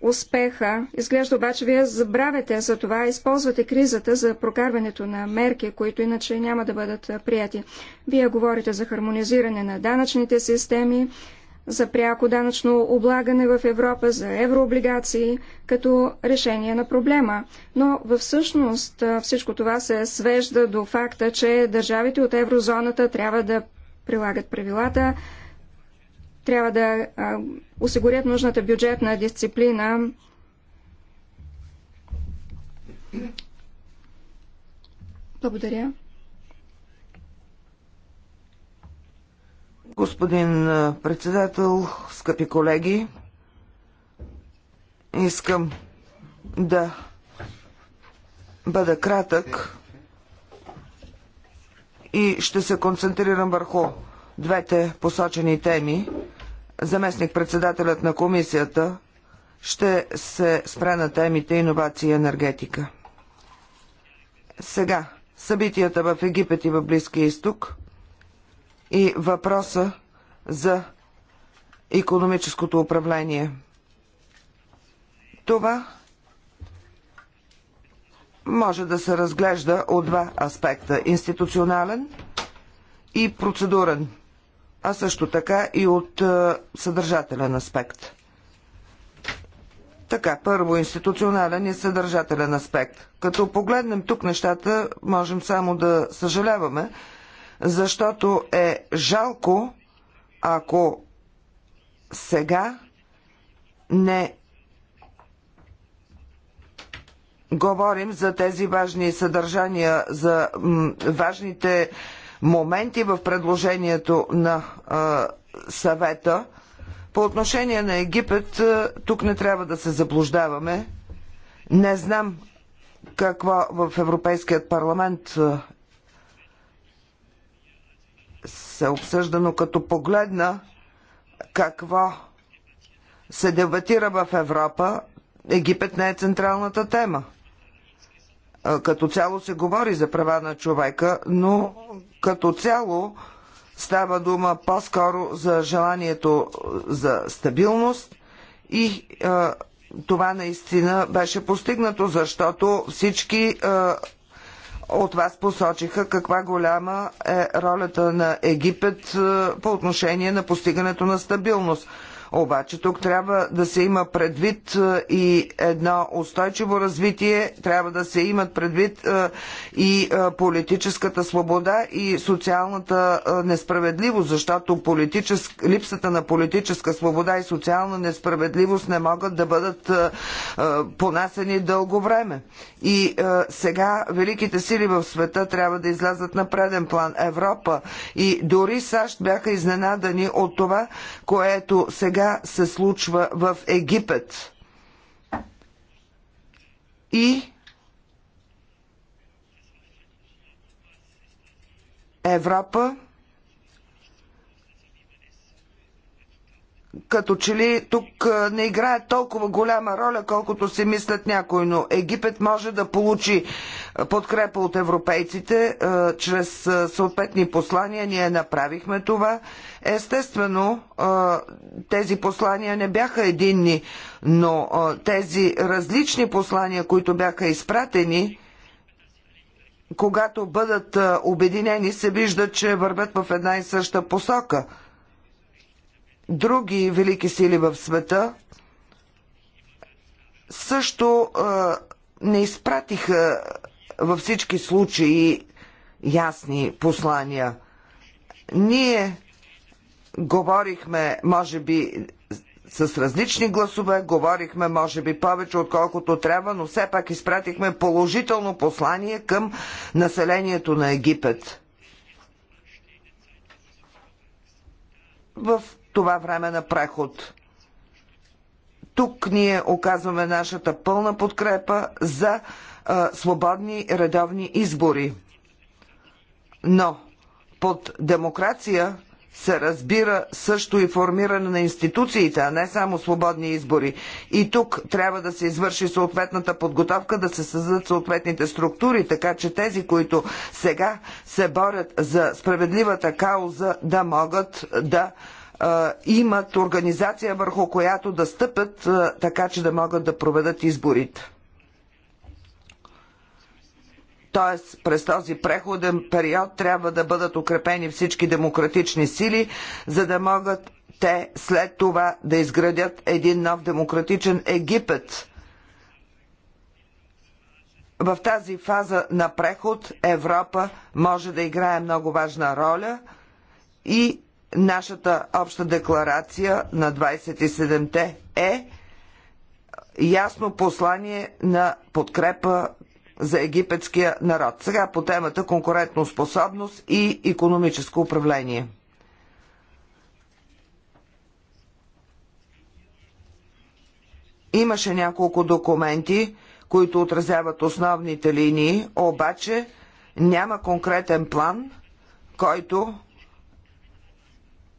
успеха. Изглежда обаче вие забравяте за това, използвате кризата за прокарването на мерки, които иначе няма да бъдат прияти. Вие говорите за хармонизиране на данъчните системи, за пряко данъчно облагане в Европа, за еврооблигации, като решение на проблема. Но всъщност всичко това се свежда до факта, че държавите от еврозоната трябва да прилагат правилата, трябва да осигурят нужната бюджетна дисциплина. Благодаря. Господин председател, скъпи колеги, искам да бъда кратък и ще се концентрирам върху двете посочени теми заместник-председателят на комисията ще се спре на темите иновации и енергетика. Сега, събитията в Египет и в Близкия изток и въпроса за економическото управление. Това може да се разглежда от два аспекта – институционален и процедурен – а също така и от е, съдържателен аспект. Така, първо институционален и съдържателен аспект. Като погледнем тук нещата, можем само да съжаляваме, защото е жалко, ако сега не говорим за тези важни съдържания, за важните моменти в предложението на а, съвета. По отношение на Египет, тук не трябва да се заблуждаваме. Не знам какво в Европейският парламент се обсъжда, но като погледна какво се дебатира в Европа, Египет не е централната тема. Като цяло се говори за права на човека, но като цяло става дума по-скоро за желанието за стабилност и това наистина беше постигнато, защото всички от вас посочиха каква голяма е ролята на Египет по отношение на постигането на стабилност. Обаче тук трябва да се има предвид е, и едно устойчиво развитие, трябва да се имат предвид е, и е, политическата свобода и социалната несправедливост, защото политическ... липсата на политическа свобода и социална несправедливост не могат да бъдат понасени дълго време. И сега великите сили в света трябва да излязат на преден план. Европа и дори САЩ бяха изненадани от това, което сега се случва в Египет. И Европа като че ли тук не играе толкова голяма роля, колкото си мислят някои, но Египет може да получи подкрепа от европейците. Е, чрез е, съответни послания ние направихме това. Естествено, е, тези послания не бяха единни, но тези различни послания, които бяха изпратени, когато бъдат обединени, се вижда, че вървят в една и съща посока. Други велики сили в света също не изпратиха във всички случаи ясни послания. Ние говорихме, може би, с различни гласове, говорихме, може би, повече отколкото трябва, но все пак изпратихме положително послание към населението на Египет. В това време на преход. Тук ние оказваме нашата пълна подкрепа за свободни редовни избори. Но под демокрация се разбира също и формиране на институциите, а не само свободни избори. И тук трябва да се извърши съответната подготовка, да се създадат съответните структури, така че тези, които сега се борят за справедливата кауза, да могат да е, имат организация, върху която да стъпят, е, така че да могат да проведат изборите. Т.е. през този преходен период трябва да бъдат укрепени всички демократични сили, за да могат те след това да изградят един нов демократичен Египет. В тази фаза на преход Европа може да играе много важна роля и нашата обща декларация на 27-те е ясно послание на подкрепа за египетския народ. Сега по темата конкурентоспособност и економическо управление. Имаше няколко документи, които отразяват основните линии, обаче няма конкретен план, който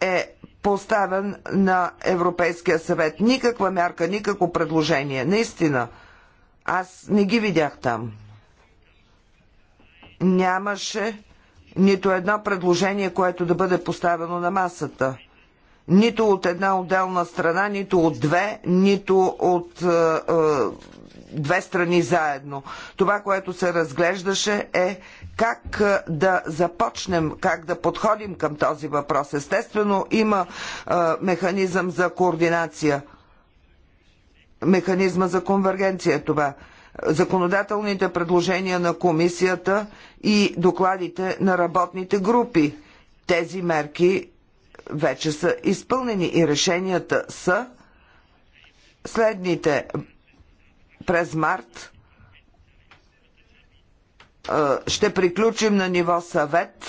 е поставен на Европейския съвет. Никаква мярка, никакво предложение. Наистина, аз не ги видях там нямаше нито едно предложение, което да бъде поставено на масата. Нито от една отделна страна, нито от две, нито от е, е, две страни заедно. Това, което се разглеждаше е как е, да започнем, как да подходим към този въпрос. Естествено, има е, механизъм за координация. Механизма за конвергенция е това законодателните предложения на комисията и докладите на работните групи. Тези мерки вече са изпълнени и решенията са следните. През март ще приключим на ниво съвет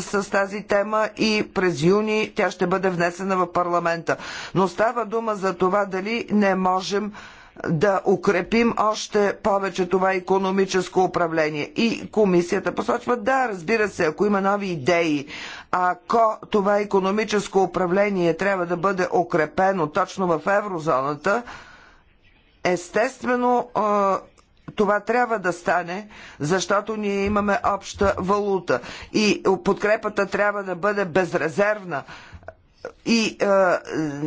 с тази тема и през юни тя ще бъде внесена в парламента. Но става дума за това дали не можем да укрепим още повече това економическо управление. И комисията посочва, да, разбира се, ако има нови идеи, ако това економическо управление трябва да бъде укрепено точно в еврозоната, естествено това трябва да стане, защото ние имаме обща валута и подкрепата трябва да бъде безрезервна и е,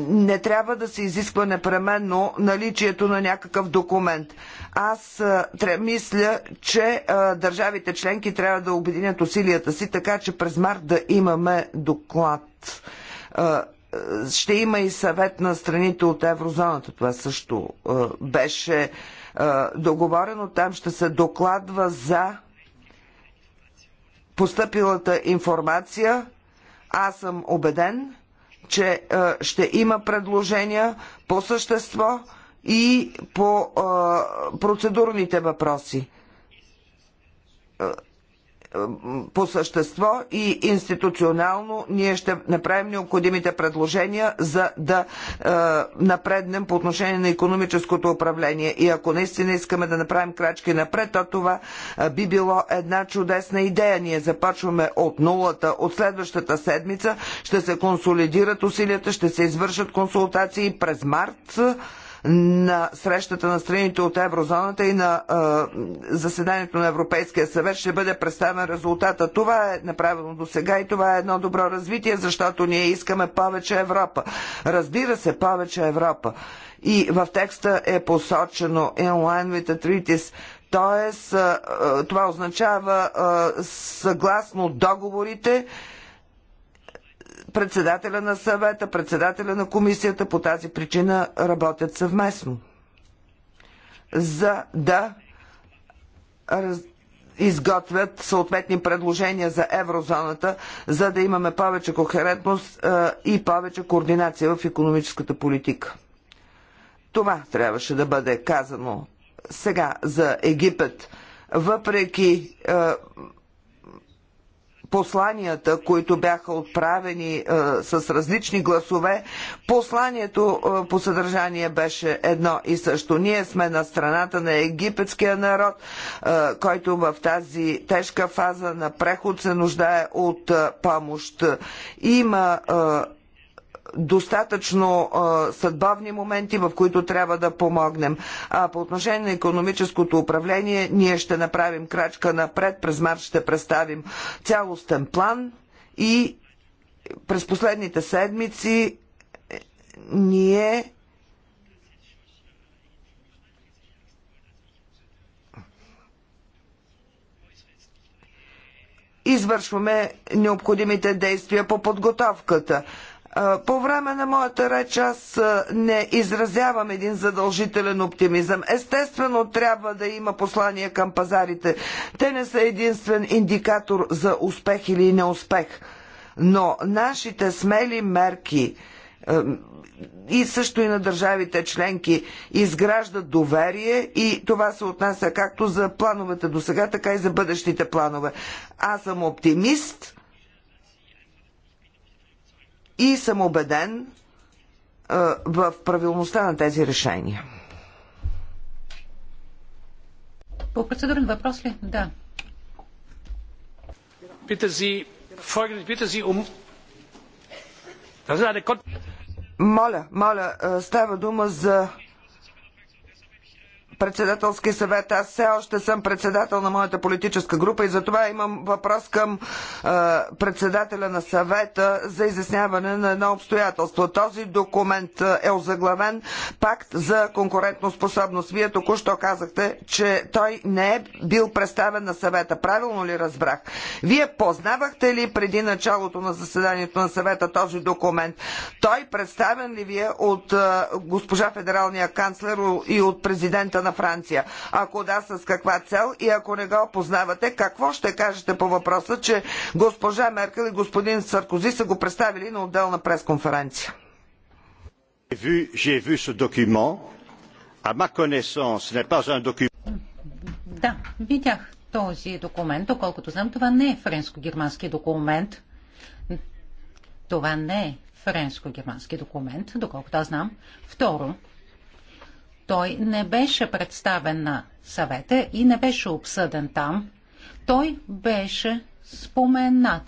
не трябва да се изисква непременно наличието на някакъв документ. Аз е, тря, мисля, че е, държавите членки трябва да обединят усилията си, така че през март да имаме доклад. Е, е, ще има и съвет на страните от еврозоната. Това също е, беше е, договорено. Там ще се докладва за постъпилата информация. Аз съм убеден, че е, ще има предложения по същество и по е, процедурните въпроси е, по същество и институционално ние ще направим необходимите предложения, за да е, напреднем по отношение на економическото управление. И ако наистина искаме да направим крачки напред, то това е, би било една чудесна идея. Ние започваме от нулата, от следващата седмица ще се консолидират усилията, ще се извършат консултации през март на срещата на страните от еврозоната и на заседанието на Европейския съвет ще бъде представен резултата. Това е направено до сега и това е едно добро развитие, защото ние искаме повече Европа. Разбира се, повече Европа. И в текста е посочено in line with the treaties, т.е. това означава съгласно договорите, председателя на съвета, председателя на комисията по тази причина работят съвместно, за да раз... изготвят съответни предложения за еврозоната, за да имаме повече кохерентност и повече координация в економическата политика. Това трябваше да бъде казано сега за Египет. Въпреки посланията, които бяха отправени е, с различни гласове, посланието е, по съдържание беше едно и също. Ние сме на страната на египетския народ, е, който в тази тежка фаза на преход се нуждае от е, помощ. Има е, достатъчно а, съдбавни моменти, в които трябва да помогнем. А по отношение на економическото управление, ние ще направим крачка напред. През март ще представим цялостен план и през последните седмици е, ние извършваме необходимите действия по подготовката. По време на моята реч аз не изразявам един задължителен оптимизъм. Естествено трябва да има послания към пазарите. Те не са единствен индикатор за успех или неуспех. Но нашите смели мерки и също и на държавите членки изграждат доверие и това се отнася както за плановете до сега, така и за бъдещите планове. Аз съм оптимист и съм убеден в правилността на тези решения. По процедурен въпрос ли? Да. Моля, моля, става дума за председателски съвет. Аз все още съм председател на моята политическа група и затова имам въпрос към е, председателя на съвета за изясняване на едно обстоятелство. Този документ е, е озаглавен Пакт за конкурентоспособност. Вие току-що казахте, че той не е бил представен на съвета. Правилно ли разбрах? Вие познавахте ли преди началото на заседанието на съвета този документ? Той представен ли вие от е, госпожа федералния канцлер и от президента на на Франция? Ако да, с каква цел? И ако не го познавате, какво ще кажете по въпроса, че госпожа Меркел и господин Саркози са го представили на отделна пресконференция? Да, видях този документ. Доколкото знам, това не е френско-германски документ. Това не е френско-германски документ, доколкото аз знам. Второ, той не беше представен на съвета и не беше обсъден там. Той беше споменат.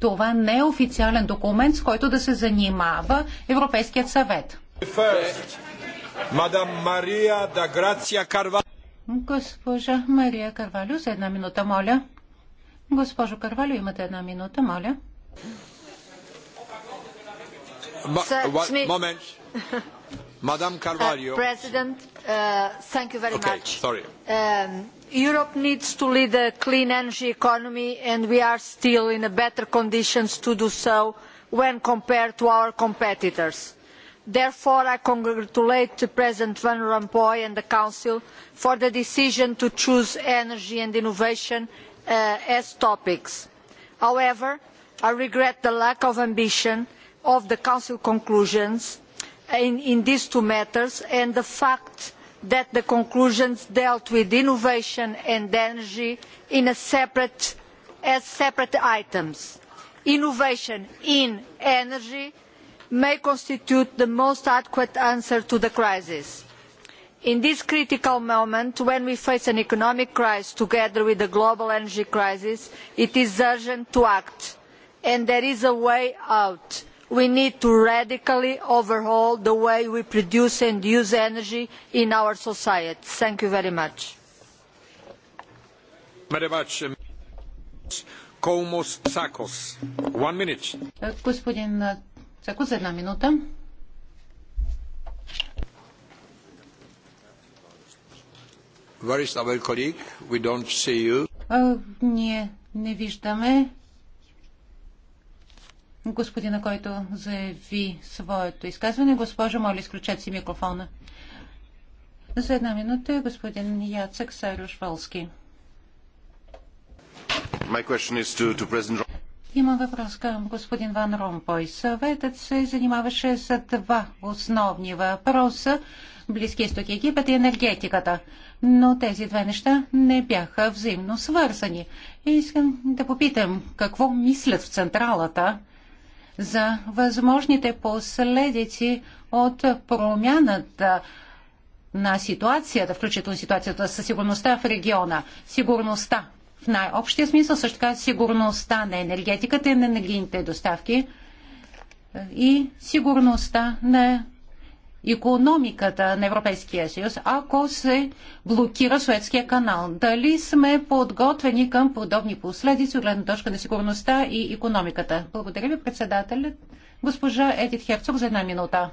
Това не е официален документ, с който да се занимава Европейският съвет. Госпожа Мария Карвалю, за една минута, моля. Госпожо Карвалю, имате една минута, моля. Момент. Mr President, thank you very much. Europe needs to lead a clean energy economy, and we are still in better conditions to do so when compared to our competitors. Therefore, I congratulate President Van Rompuy and the Council for the decision to choose energy and innovation as topics. However, I regret the lack of ambition of the Council conclusions in these two matters and the fact that the conclusions dealt with innovation and energy as separate items. innovation in energy may constitute the most adequate answer to the crisis. in this critical moment when we face an economic crisis together with the global energy crisis it is urgent to act and there is a way out we need to radically overhaul the way we produce and use energy in our society. Thank you very much. Where is our colleague? We don't see you господина, който заяви своето изказване. Госпожо, моля, изключете си микрофона. За една минута господин Яцек Сайруш Валски. Има въпрос към господин Ван Ромпой. Съветът се занимаваше с два основни въпроса – Близки изток Египет и енергетиката. Но тези две неща не бяха взаимно свързани. И искам да попитам какво мислят в централата – за възможните последици от промяната на ситуацията, включително ситуацията със сигурността в региона. Сигурността в най-общия смисъл, също така сигурността на енергетиката и на енергийните доставки и сигурността на економиката на Европейския съюз, ако се блокира Суетския канал? Дали сме подготвени към подобни последици от гледна точка на сигурността и економиката? Благодаря ви, председателят. Госпожа Едит Херцог за една минута.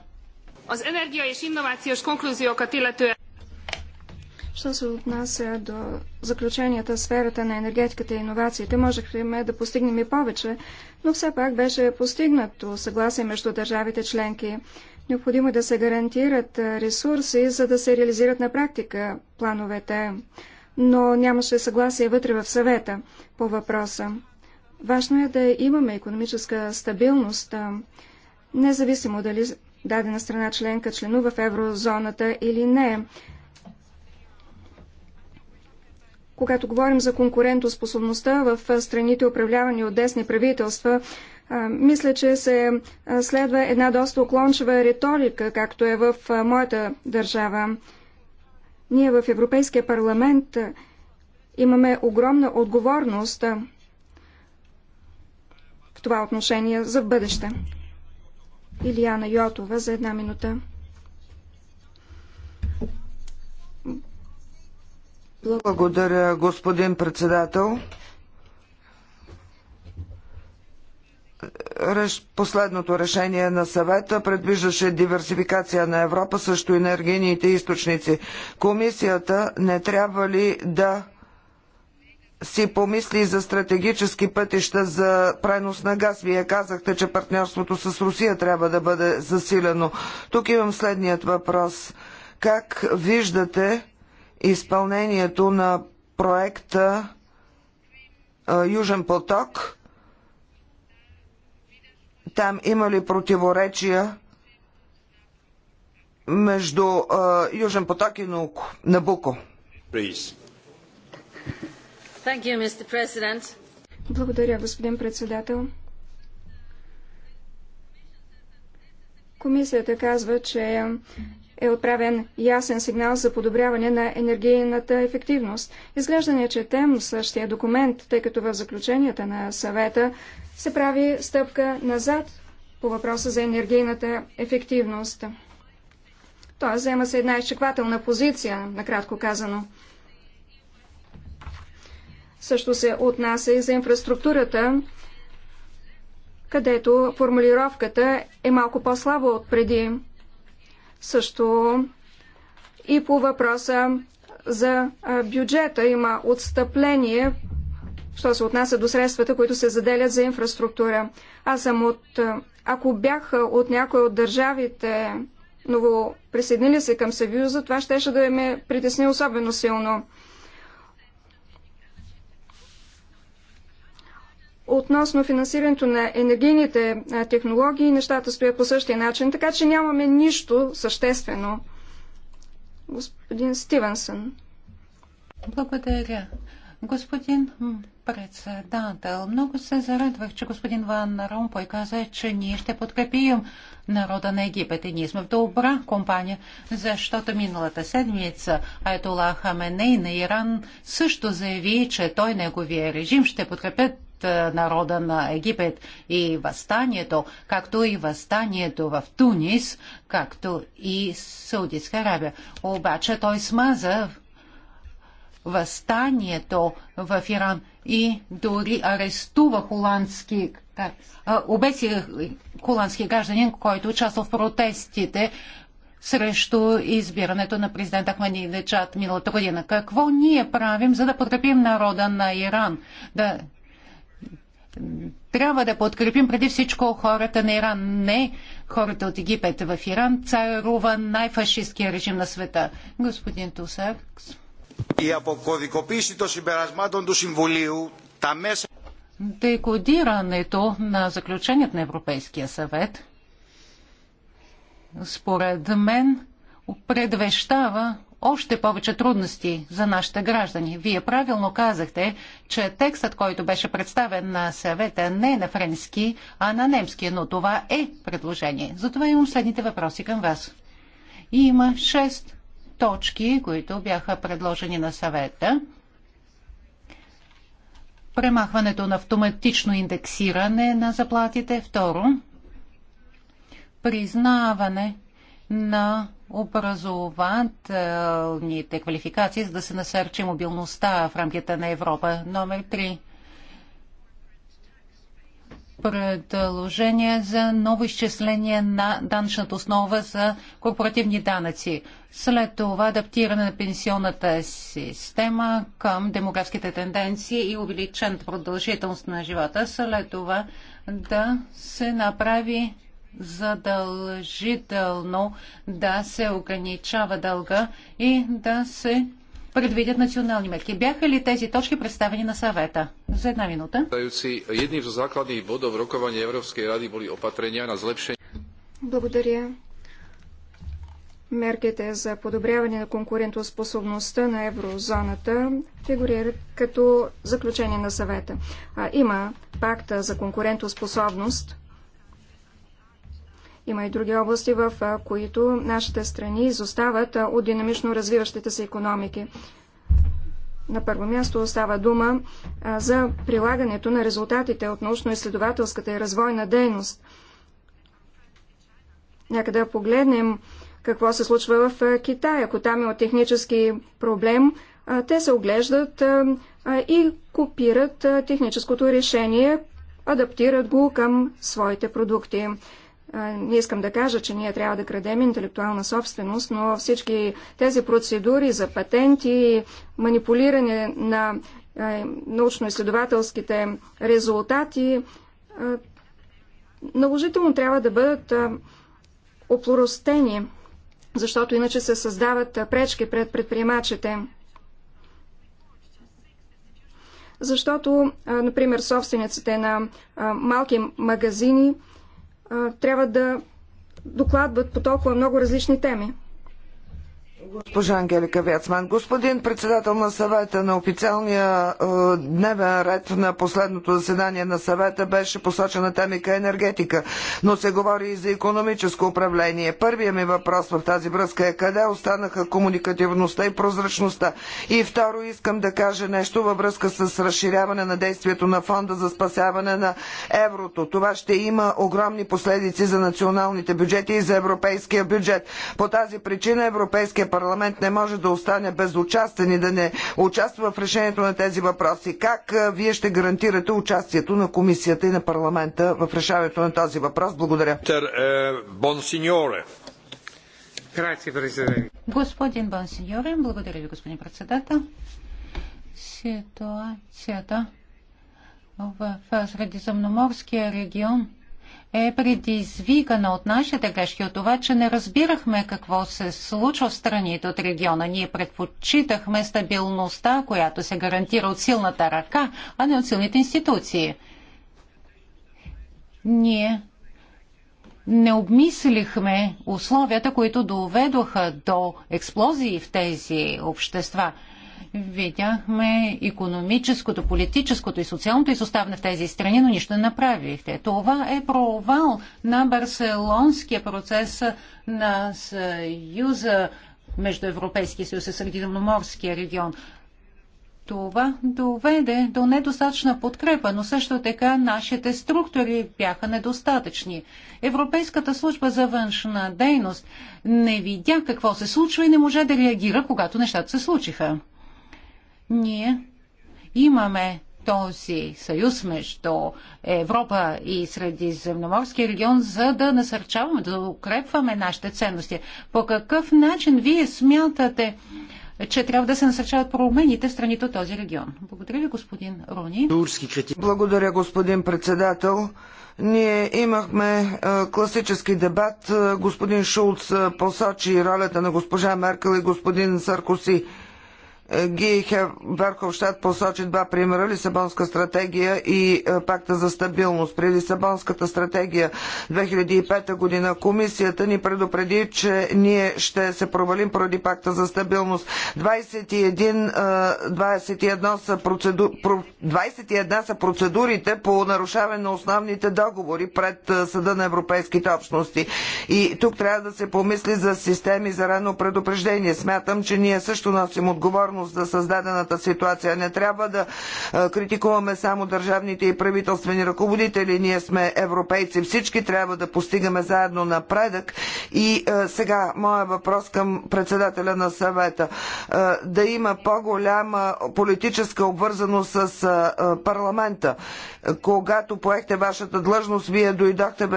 Що се отнася до заключенията в сферата на енергетиката и иновациите, можехме да постигнем и повече, но все пак беше постигнато съгласие между държавите членки. Необходимо е да се гарантират ресурси, за да се реализират на практика плановете, но нямаше съгласие вътре в съвета по въпроса. Важно е да имаме економическа стабилност, независимо дали дадена страна членка членува в еврозоната или не. Когато говорим за конкурентоспособността в страните, управлявани от десни правителства, мисля, че се следва една доста уклончива риторика, както е в моята държава. Ние в Европейския парламент имаме огромна отговорност в това отношение за бъдеще. Илияна Йотова за една минута. Благодаря, господин председател. последното решение на съвета предвиждаше диверсификация на Европа също енергийните източници. Комисията не трябва ли да си помисли за стратегически пътища за пренос на газ. Вие казахте, че партньорството с Русия трябва да бъде засилено. Тук имам следният въпрос. Как виждате изпълнението на проекта Южен поток? там има ли противоречия между а, Южен поток и Набуко? Благодаря, господин председател. Комисията казва, че е отправен ясен сигнал за подобряване на енергийната ефективност. Изглежда не четем същия документ, тъй като в заключенията на съвета се прави стъпка назад по въпроса за енергийната ефективност. Той взема се една изчеквателна позиция, накратко казано. Също се отнася и за инфраструктурата, където формулировката е малко по-слаба от преди. Също и по въпроса за бюджета има отстъпление, що се отнася до средствата, които се заделят за инфраструктура. Аз съм от... Ако бях от някой от държавите ново присъединили се към Съюза, това щеше да ме притесни особено силно. Относно финансирането на енергийните технологии, нещата стоят по същия начин, така че нямаме нищо съществено. Господин Стивенсън. Благодаря. Господин председател, много се зарадвах, че господин Ван Ромпой каза, че ние ще подкрепим народа на Египет и ние сме в добра компания, защото миналата седмица Айтола Хаменей на Иран също заяви, че той неговия режим ще подкрепят е, народа на Египет и възстанието, както и възстанието в Тунис, както и Саудитска Арабия. Обаче той смаза възстанието в Иран и дори арестува холандски е, обеси холандски гражданин, който участва в протестите срещу избирането на президент Ахмани Дечат миналата година. Какво ние правим, за да подкрепим народа на Иран? Да трябва да подкрепим преди всичко хората на Иран, не хората от Египет. В Иран царува най-фашистския режим на света. Господин Тусаркс. Η αποκωδικοποίηση συμπερασμάτων του Συμβουλίου, τα μέσα... Декодирането на заключението на Европейския съвет, според мен, предвещава още повече трудности за нашите граждани. Вие правилно казахте, че текстът, който беше представен на съвета не е на френски, а на немски, но това е предложение. Затова имам следните въпроси към вас. И има шест точки, които бяха предложени на съвета. Премахването на автоматично индексиране на заплатите. Второ, признаване на образователните квалификации, за да се насърчи мобилността в рамките на Европа. Номер 3. Предложение за ново изчисление на данъчната основа за корпоративни данъци. След това адаптиране на пенсионната система към демографските тенденции и увеличената продължителност на живота. След това да се направи задължително да се ограничава дълга и да се предвидят национални мерки. Бяха ли тези точки представени на съвета? За една минута. Едни от základných bodov rokovania Európskej ради boli опатрения на zlepšenie. Благодаря. Мерките за подобряване на конкурентоспособността на еврозоната фигурират като заключение на съвета. А, има пакта за конкурентоспособност, има и други области, в които нашите страни изостават от динамично развиващите се економики. На първо място остава дума за прилагането на резултатите от научно-изследователската и развойна дейност. Нека да погледнем какво се случва в Китай. Ако там е от технически проблем, те се оглеждат и копират техническото решение, адаптират го към своите продукти. Не искам да кажа, че ние трябва да крадем интелектуална собственост, но всички тези процедури за патенти, манипулиране на научно-изследователските резултати наложително трябва да бъдат оплоростени, защото иначе се създават пречки пред предприемачите. Защото, например, собствениците на малки магазини – трябва да докладват по толкова много различни теми. Госпожа Ангелика Вяцман, господин председател на съвета на официалния е, дневен ред на последното заседание на съвета беше посочена темика енергетика, но се говори и за економическо управление. Първият ми въпрос в тази връзка е къде останаха комуникативността и прозрачността. И второ, искам да кажа нещо във връзка с разширяване на действието на фонда за спасяване на еврото. Това ще има огромни последици за националните бюджети и за европейския бюджет. По тази причина Европейския парламент парламент не може да остане безучастен и да не участва в решението на тези въпроси. Как вие ще гарантирате участието на комисията и на парламента в решаването на този въпрос? Благодаря. Е, господин Бонсеньоре, благодаря ви, господин председател. Ситуацията в Средиземноморския регион е предизвикана от нашите грешки, от това, че не разбирахме какво се случва в страните от региона. Ние предпочитахме стабилността, която се гарантира от силната ръка, а не от силните институции. Ние не обмислихме условията, които доведоха до експлозии в тези общества – видяхме економическото, политическото и социалното изоставане в тези страни, но нищо не направихте. Това е провал на барселонския процес на Съюза между Европейския съюз и Средиземноморския регион. Това доведе до недостатъчна подкрепа, но също така нашите структури бяха недостатъчни. Европейската служба за външна дейност не видя какво се случва и не може да реагира, когато нещата се случиха. Ние имаме този съюз между Европа и Средиземноморския регион, за да насърчаваме, да укрепваме нашите ценности. По какъв начин вие смятате, че трябва да се насърчават промените в страните от този регион? Благодаря ви, господин Рони. Благодаря, господин председател. Ние имахме класически дебат. Господин Шулц посочи ролята на госпожа Меркел и господин Саркоси. Ги Верховщад посочи два примера Лисабонска стратегия и е, пакта за стабилност. При Лисабонската стратегия 2005 година комисията ни предупреди, че ние ще се провалим поради пакта за стабилност. 21, 21, е, са, процеду... 21 са процедурите по нарушаване на основните договори пред е, Съда на Европейските общности. И тук трябва да се помисли за системи за рано предупреждение. Смятам, че ние също носим отговорност отговорност за създадената ситуация. Не трябва да критикуваме само държавните и правителствени ръководители. Ние сме европейци. Всички трябва да постигаме заедно напредък. И сега, моя въпрос към председателя на съвета. Да има по-голяма политическа обвързаност с парламента. Когато поехте вашата длъжност, вие дойдохте,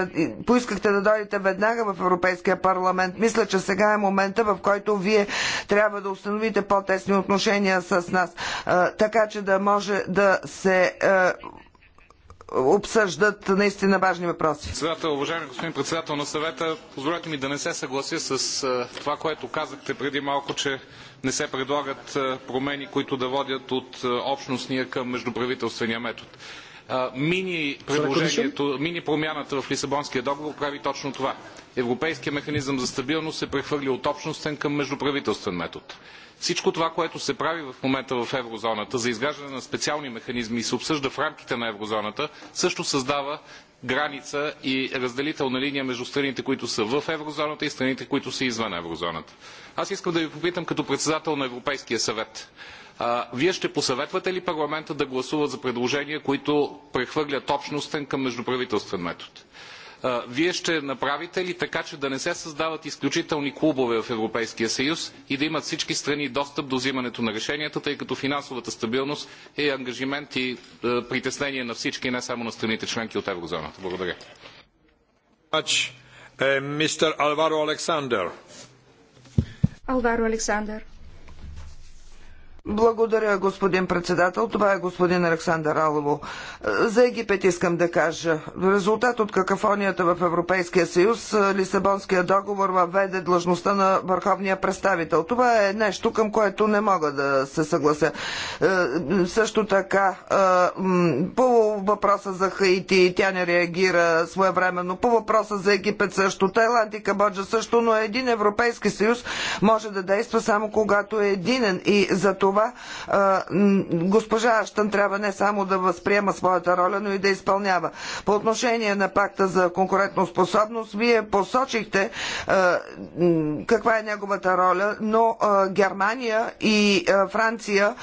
поискахте да дойдете веднага в Европейския парламент. Мисля, че сега е момента, в който вие трябва да установите по-тесни отношения отношения с нас, така че да може да се обсъждат наистина важни въпроси. Председател, уважаеми господин председател на съвета, позволете ми да не се съглася с това, което казахте преди малко, че не се предлагат промени, които да водят от общностния към междуправителствения метод. Мини, предложението, мини промяната в Лисабонския договор прави точно това. Европейския механизъм за стабилност се прехвърли от общностен към междуправителствен метод. Всичко това, което се прави в момента в еврозоната за изграждане на специални механизми и се обсъжда в рамките на еврозоната, също създава граница и разделителна линия между страните, които са в еврозоната и страните, които са извън еврозоната. Аз искам да ви попитам като председател на Европейския съвет. А, вие ще посъветвате ли парламента да гласува за предложения, които прехвърлят общностен към междуправителствен метод? вие ще направите ли така, че да не се създават изключителни клубове в Европейския съюз и да имат всички страни достъп до взимането на решенията, тъй като финансовата стабилност е ангажимент и е, притеснение на всички, не само на страните членки от еврозоната? Благодаря. Е, Алваро Александър. Алваро Александър. Благодаря, господин председател. Това е господин Александър Алово. За Египет искам да кажа. резултат от какафонията в Европейския съюз, Лисабонския договор въведе длъжността на върховния представител. Това е нещо, към което не мога да се съглася. Е, също така, е, по въпроса за Хаити, тя не реагира своевременно. По въпроса за Египет също, Тайланд и Кабоджа също, но един Европейски съюз може да действа само когато е единен. И за това това госпожа Аштън трябва не само да възприема своята роля, но и да изпълнява. По отношение на пакта за конкурентоспособност, вие посочихте каква е неговата роля, но Германия и Франция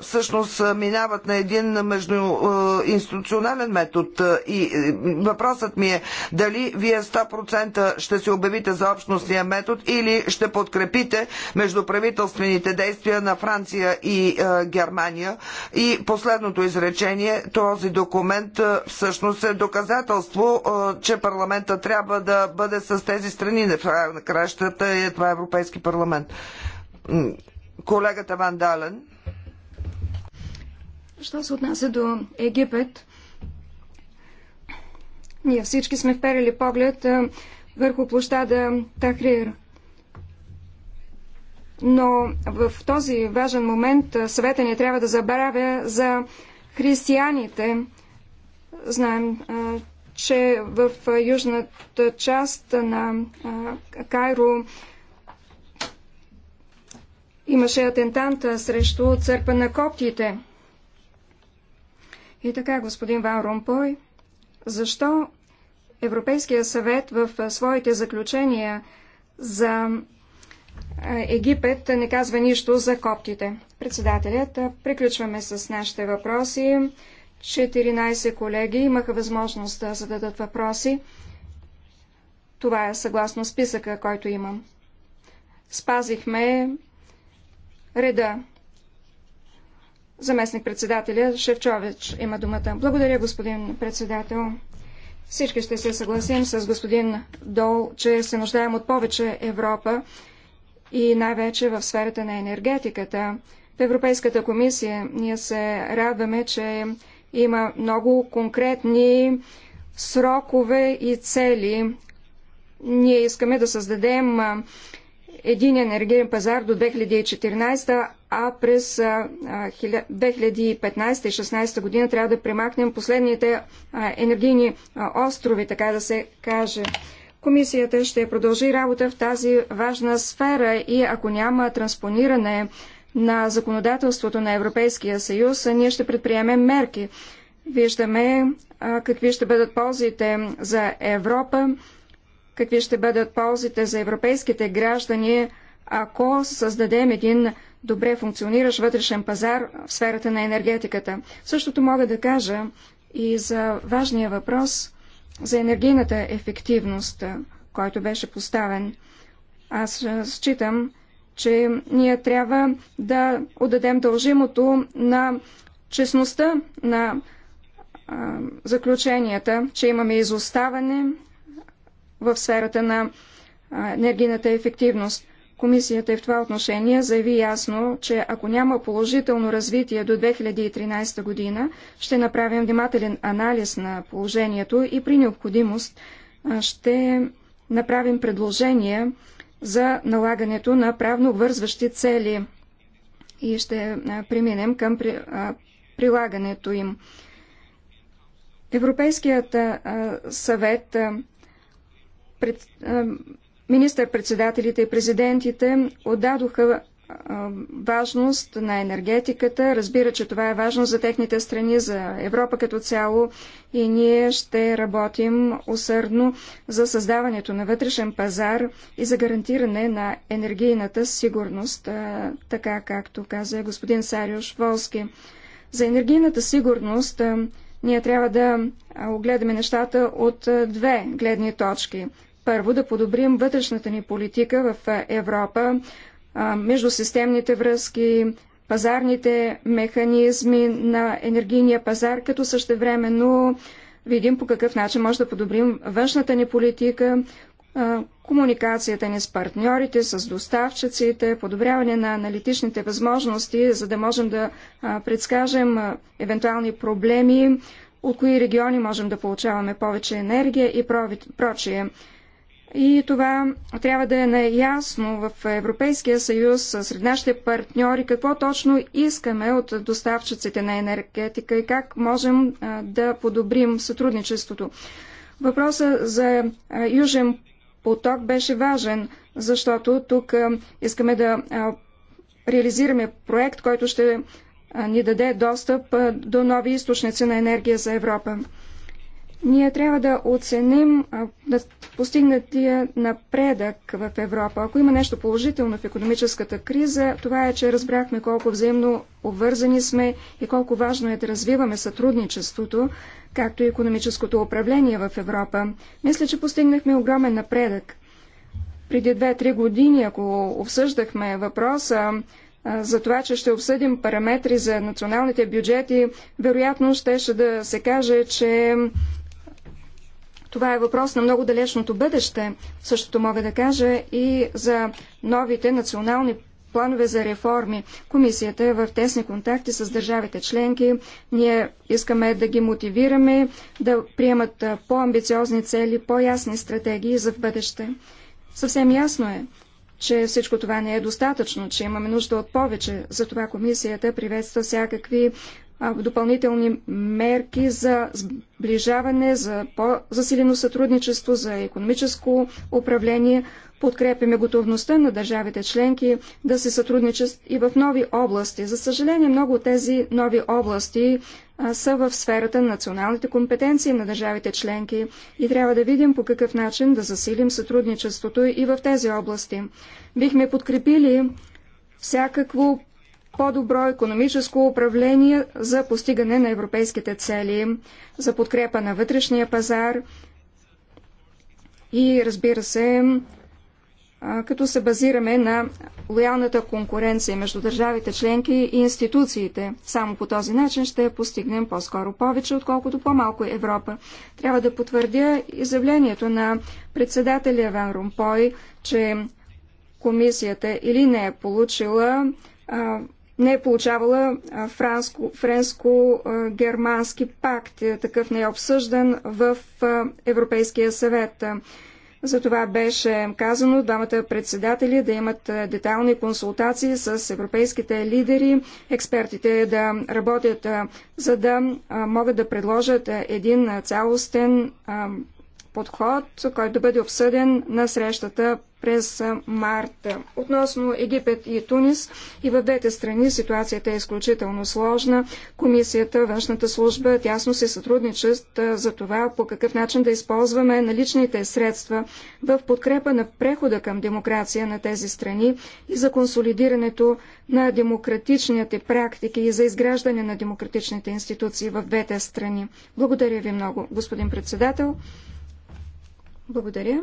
всъщност минават на един междуинституционален метод и въпросът ми е дали вие 100% ще се обявите за общностния метод или ще подкрепите междуправителствените действия на Франция Франция и е, Германия. И последното изречение, този документ е, всъщност е доказателство, е, че парламента трябва да бъде с тези страни. Е на кращата е това е Европейски парламент. Колегата Ван Дален. Що се отнася до Египет, ние всички сме вперили поглед е, върху площада Тахрир но в този важен момент съвета ни трябва да забравя за християните. Знаем, че в южната част на Кайро имаше атентант срещу църква на коптите. И така, господин Ван Ромпой, защо Европейския съвет в своите заключения за Египет не казва нищо за коптите. Председателят, приключваме с нашите въпроси. 14 колеги имаха възможност да зададат въпроси. Това е съгласно списъка, който имам. Спазихме реда. Заместник председателя Шевчович има думата. Благодаря, господин председател. Всички ще се съгласим с господин Дол, че се нуждаем от повече Европа и най-вече в сферата на енергетиката. В Европейската комисия ние се радваме, че има много конкретни срокове и цели. Ние искаме да създадем един енергиен пазар до 2014, а през 2015 и 2016 година трябва да премахнем последните енергийни острови, така да се каже. Комисията ще продължи работа в тази важна сфера и ако няма транспониране на законодателството на Европейския съюз, ние ще предприемем мерки. Виждаме а, какви ще бъдат ползите за Европа, какви ще бъдат ползите за европейските граждани, ако създадем един добре функциониращ вътрешен пазар в сферата на енергетиката. Същото мога да кажа и за важния въпрос – за енергийната ефективност, който беше поставен. Аз считам, че ние трябва да отдадем дължимото на честността на а, заключенията, че имаме изоставане в сферата на енергийната ефективност. Комисията и в това отношение заяви ясно, че ако няма положително развитие до 2013 година, ще направим внимателен анализ на положението и при необходимост ще направим предложение за налагането на правно вързващи цели и ще преминем към прилагането им. Европейският съвет пред, Министър-председателите и президентите отдадоха важност на енергетиката. Разбира, че това е важно за техните страни, за Европа като цяло и ние ще работим усърдно за създаването на вътрешен пазар и за гарантиране на енергийната сигурност, така както каза господин Сариош Волски. За енергийната сигурност ние трябва да огледаме нещата от две гледни точки. Първо, да подобрим вътрешната ни политика в Европа, междусистемните връзки, пазарните механизми на енергийния пазар, като същевременно видим по какъв начин може да подобрим външната ни политика, комуникацията ни с партньорите, с доставчиците, подобряване на аналитичните възможности, за да можем да предскажем евентуални проблеми, от кои региони можем да получаваме повече енергия и прочие. И това трябва да е наясно в Европейския съюз сред нашите партньори какво точно искаме от доставчиците на енергетика и как можем да подобрим сътрудничеството. Въпросът за Южен поток беше важен, защото тук искаме да реализираме проект, който ще ни даде достъп до нови източници на енергия за Европа. Ние трябва да оценим да постигнатия напредък в Европа. Ако има нещо положително в економическата криза, това е, че разбрахме колко взаимно обвързани сме и колко важно е да развиваме сътрудничеството, както и економическото управление в Европа. Мисля, че постигнахме огромен напредък. Преди 2-3 години, ако обсъждахме въпроса, за това, че ще обсъдим параметри за националните бюджети, вероятно ще да се каже, че това е въпрос на много далечното бъдеще. Същото мога да кажа и за новите национални планове за реформи. Комисията е в тесни контакти с държавите членки. Ние искаме да ги мотивираме да приемат по-амбициозни цели, по-ясни стратегии за в бъдеще. Съвсем ясно е, че всичко това не е достатъчно, че имаме нужда от повече. Затова комисията приветства всякакви допълнителни мерки за сближаване, за по-засилено сътрудничество, за економическо управление. Подкрепяме готовността на държавите членки да се сътрудничат и в нови области. За съжаление, много от тези нови области са в сферата на националните компетенции на държавите членки и трябва да видим по какъв начин да засилим сътрудничеството и в тези области. Бихме подкрепили всякакво по-добро економическо управление за постигане на европейските цели, за подкрепа на вътрешния пазар и, разбира се, като се базираме на лоялната конкуренция между държавите членки и институциите. Само по този начин ще постигнем по-скоро повече, отколкото по-малко Европа. Трябва да потвърдя изявлението на председателя Ван Румпой, че комисията или не е получила не е получавала френско-германски пакт. Е, такъв не е обсъждан в Европейския съвет. За това беше казано двамата председатели да имат детайлни консултации с европейските лидери, експертите да работят, за да могат да предложат един цялостен подход, който да бъде обсъден на срещата през марта. Относно Египет и Тунис, и в двете страни ситуацията е изключително сложна. Комисията, външната служба тясно се сътрудничат за това по какъв начин да използваме наличните средства в подкрепа на прехода към демокрация на тези страни и за консолидирането на демократичните практики и за изграждане на демократичните институции в двете страни. Благодаря ви много, господин председател. Благодаря.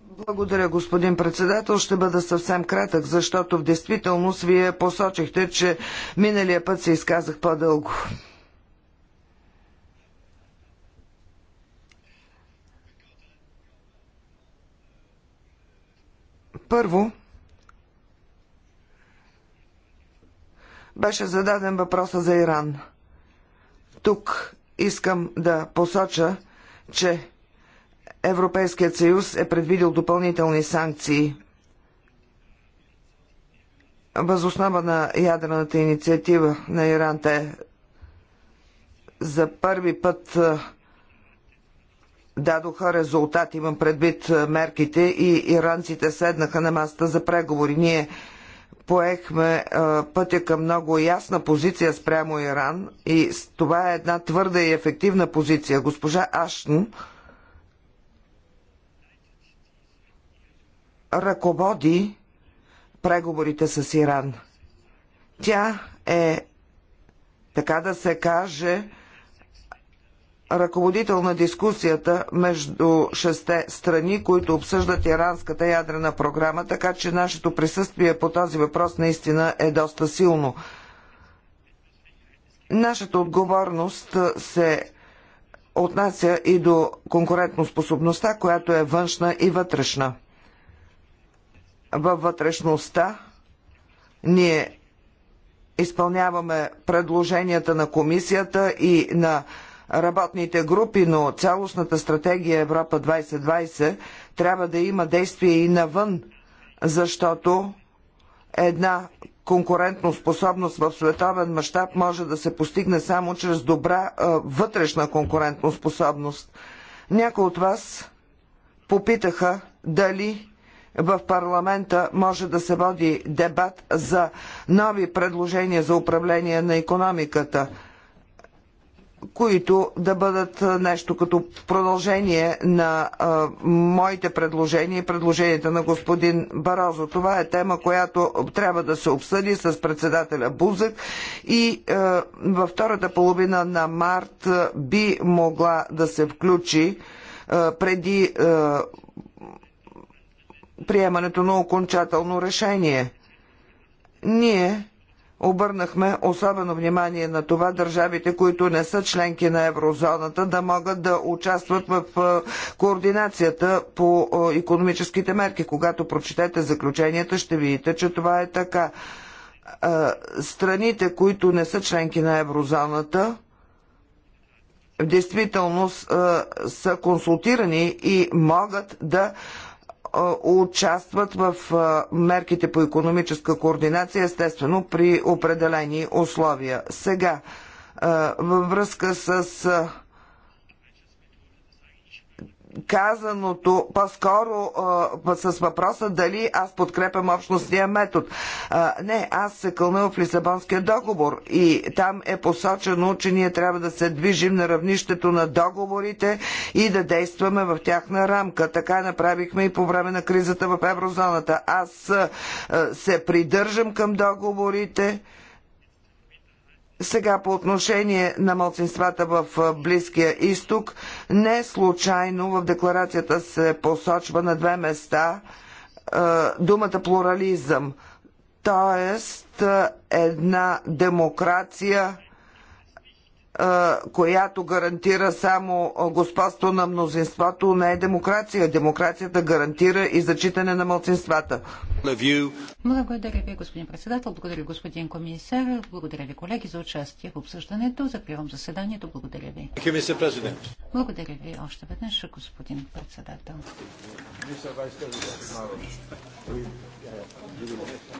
Благодаря, господин председател. Ще бъда съвсем кратък, защото в действителност вие посочихте, че миналия път се изказах по-дълго. Първо, беше зададен въпроса за Иран. Тук искам да посоча, че Европейският съюз е предвидил допълнителни санкции възоснова на ядрената инициатива на Иран. Те за първи път е, дадоха резултат, имам предвид е, мерките и иранците седнаха на масата за преговори. Ние поехме пътя към много ясна позиция спрямо Иран и това е една твърда и ефективна позиция. Госпожа Ашн ръководи преговорите с Иран. Тя е, така да се каже, ръководител на дискусията между шесте страни, които обсъждат иранската ядрена програма, така че нашето присъствие по този въпрос наистина е доста силно. Нашата отговорност се отнася и до конкурентоспособността, която е външна и вътрешна. Във вътрешността ние изпълняваме предложенията на комисията и на работните групи, но цялостната стратегия Европа 2020 трябва да има действие и навън, защото една способност в световен мащаб може да се постигне само чрез добра а, вътрешна конкурентоспособност. Някои от вас попитаха дали в парламента може да се води дебат за нови предложения за управление на економиката – които да бъдат нещо като продължение на а, моите предложения и предложенията на господин Барозо. Това е тема, която трябва да се обсъди с председателя Бузък и а, във втората половина на март а, би могла да се включи а, преди а, приемането на окончателно решение. Ние Обърнахме особено внимание на това държавите, които не са членки на еврозоната, да могат да участват в е, координацията по економическите мерки. Когато прочетете заключенията, ще видите, че това е така. Е, страните, които не са членки на еврозоната, в действителност е, са консултирани и могат да участват в мерките по економическа координация, естествено при определени условия. Сега, във връзка с казаното по-скоро с въпроса дали аз подкрепям общностния метод. А, не, аз се кълна в Лисабонския договор и там е посочено, че ние трябва да се движим на равнището на договорите и да действаме в тяхна рамка. Така направихме и по време на кризата в еврозоната. Аз а, се придържам към договорите сега по отношение на младсинствата в Близкия изток, не случайно в декларацията се посочва на две места думата плурализъм, т.е. една демокрация която гарантира само господство на мнозинството, не е демокрация. Демокрацията гарантира и зачитане на мълцинствата. Благодаря ви, господин председател. Благодаря ви, господин комисар. Благодаря ви, колеги, за участие в обсъждането. Закривам заседанието. Благодаря ви. Благодаря ви още веднъж, господин председател.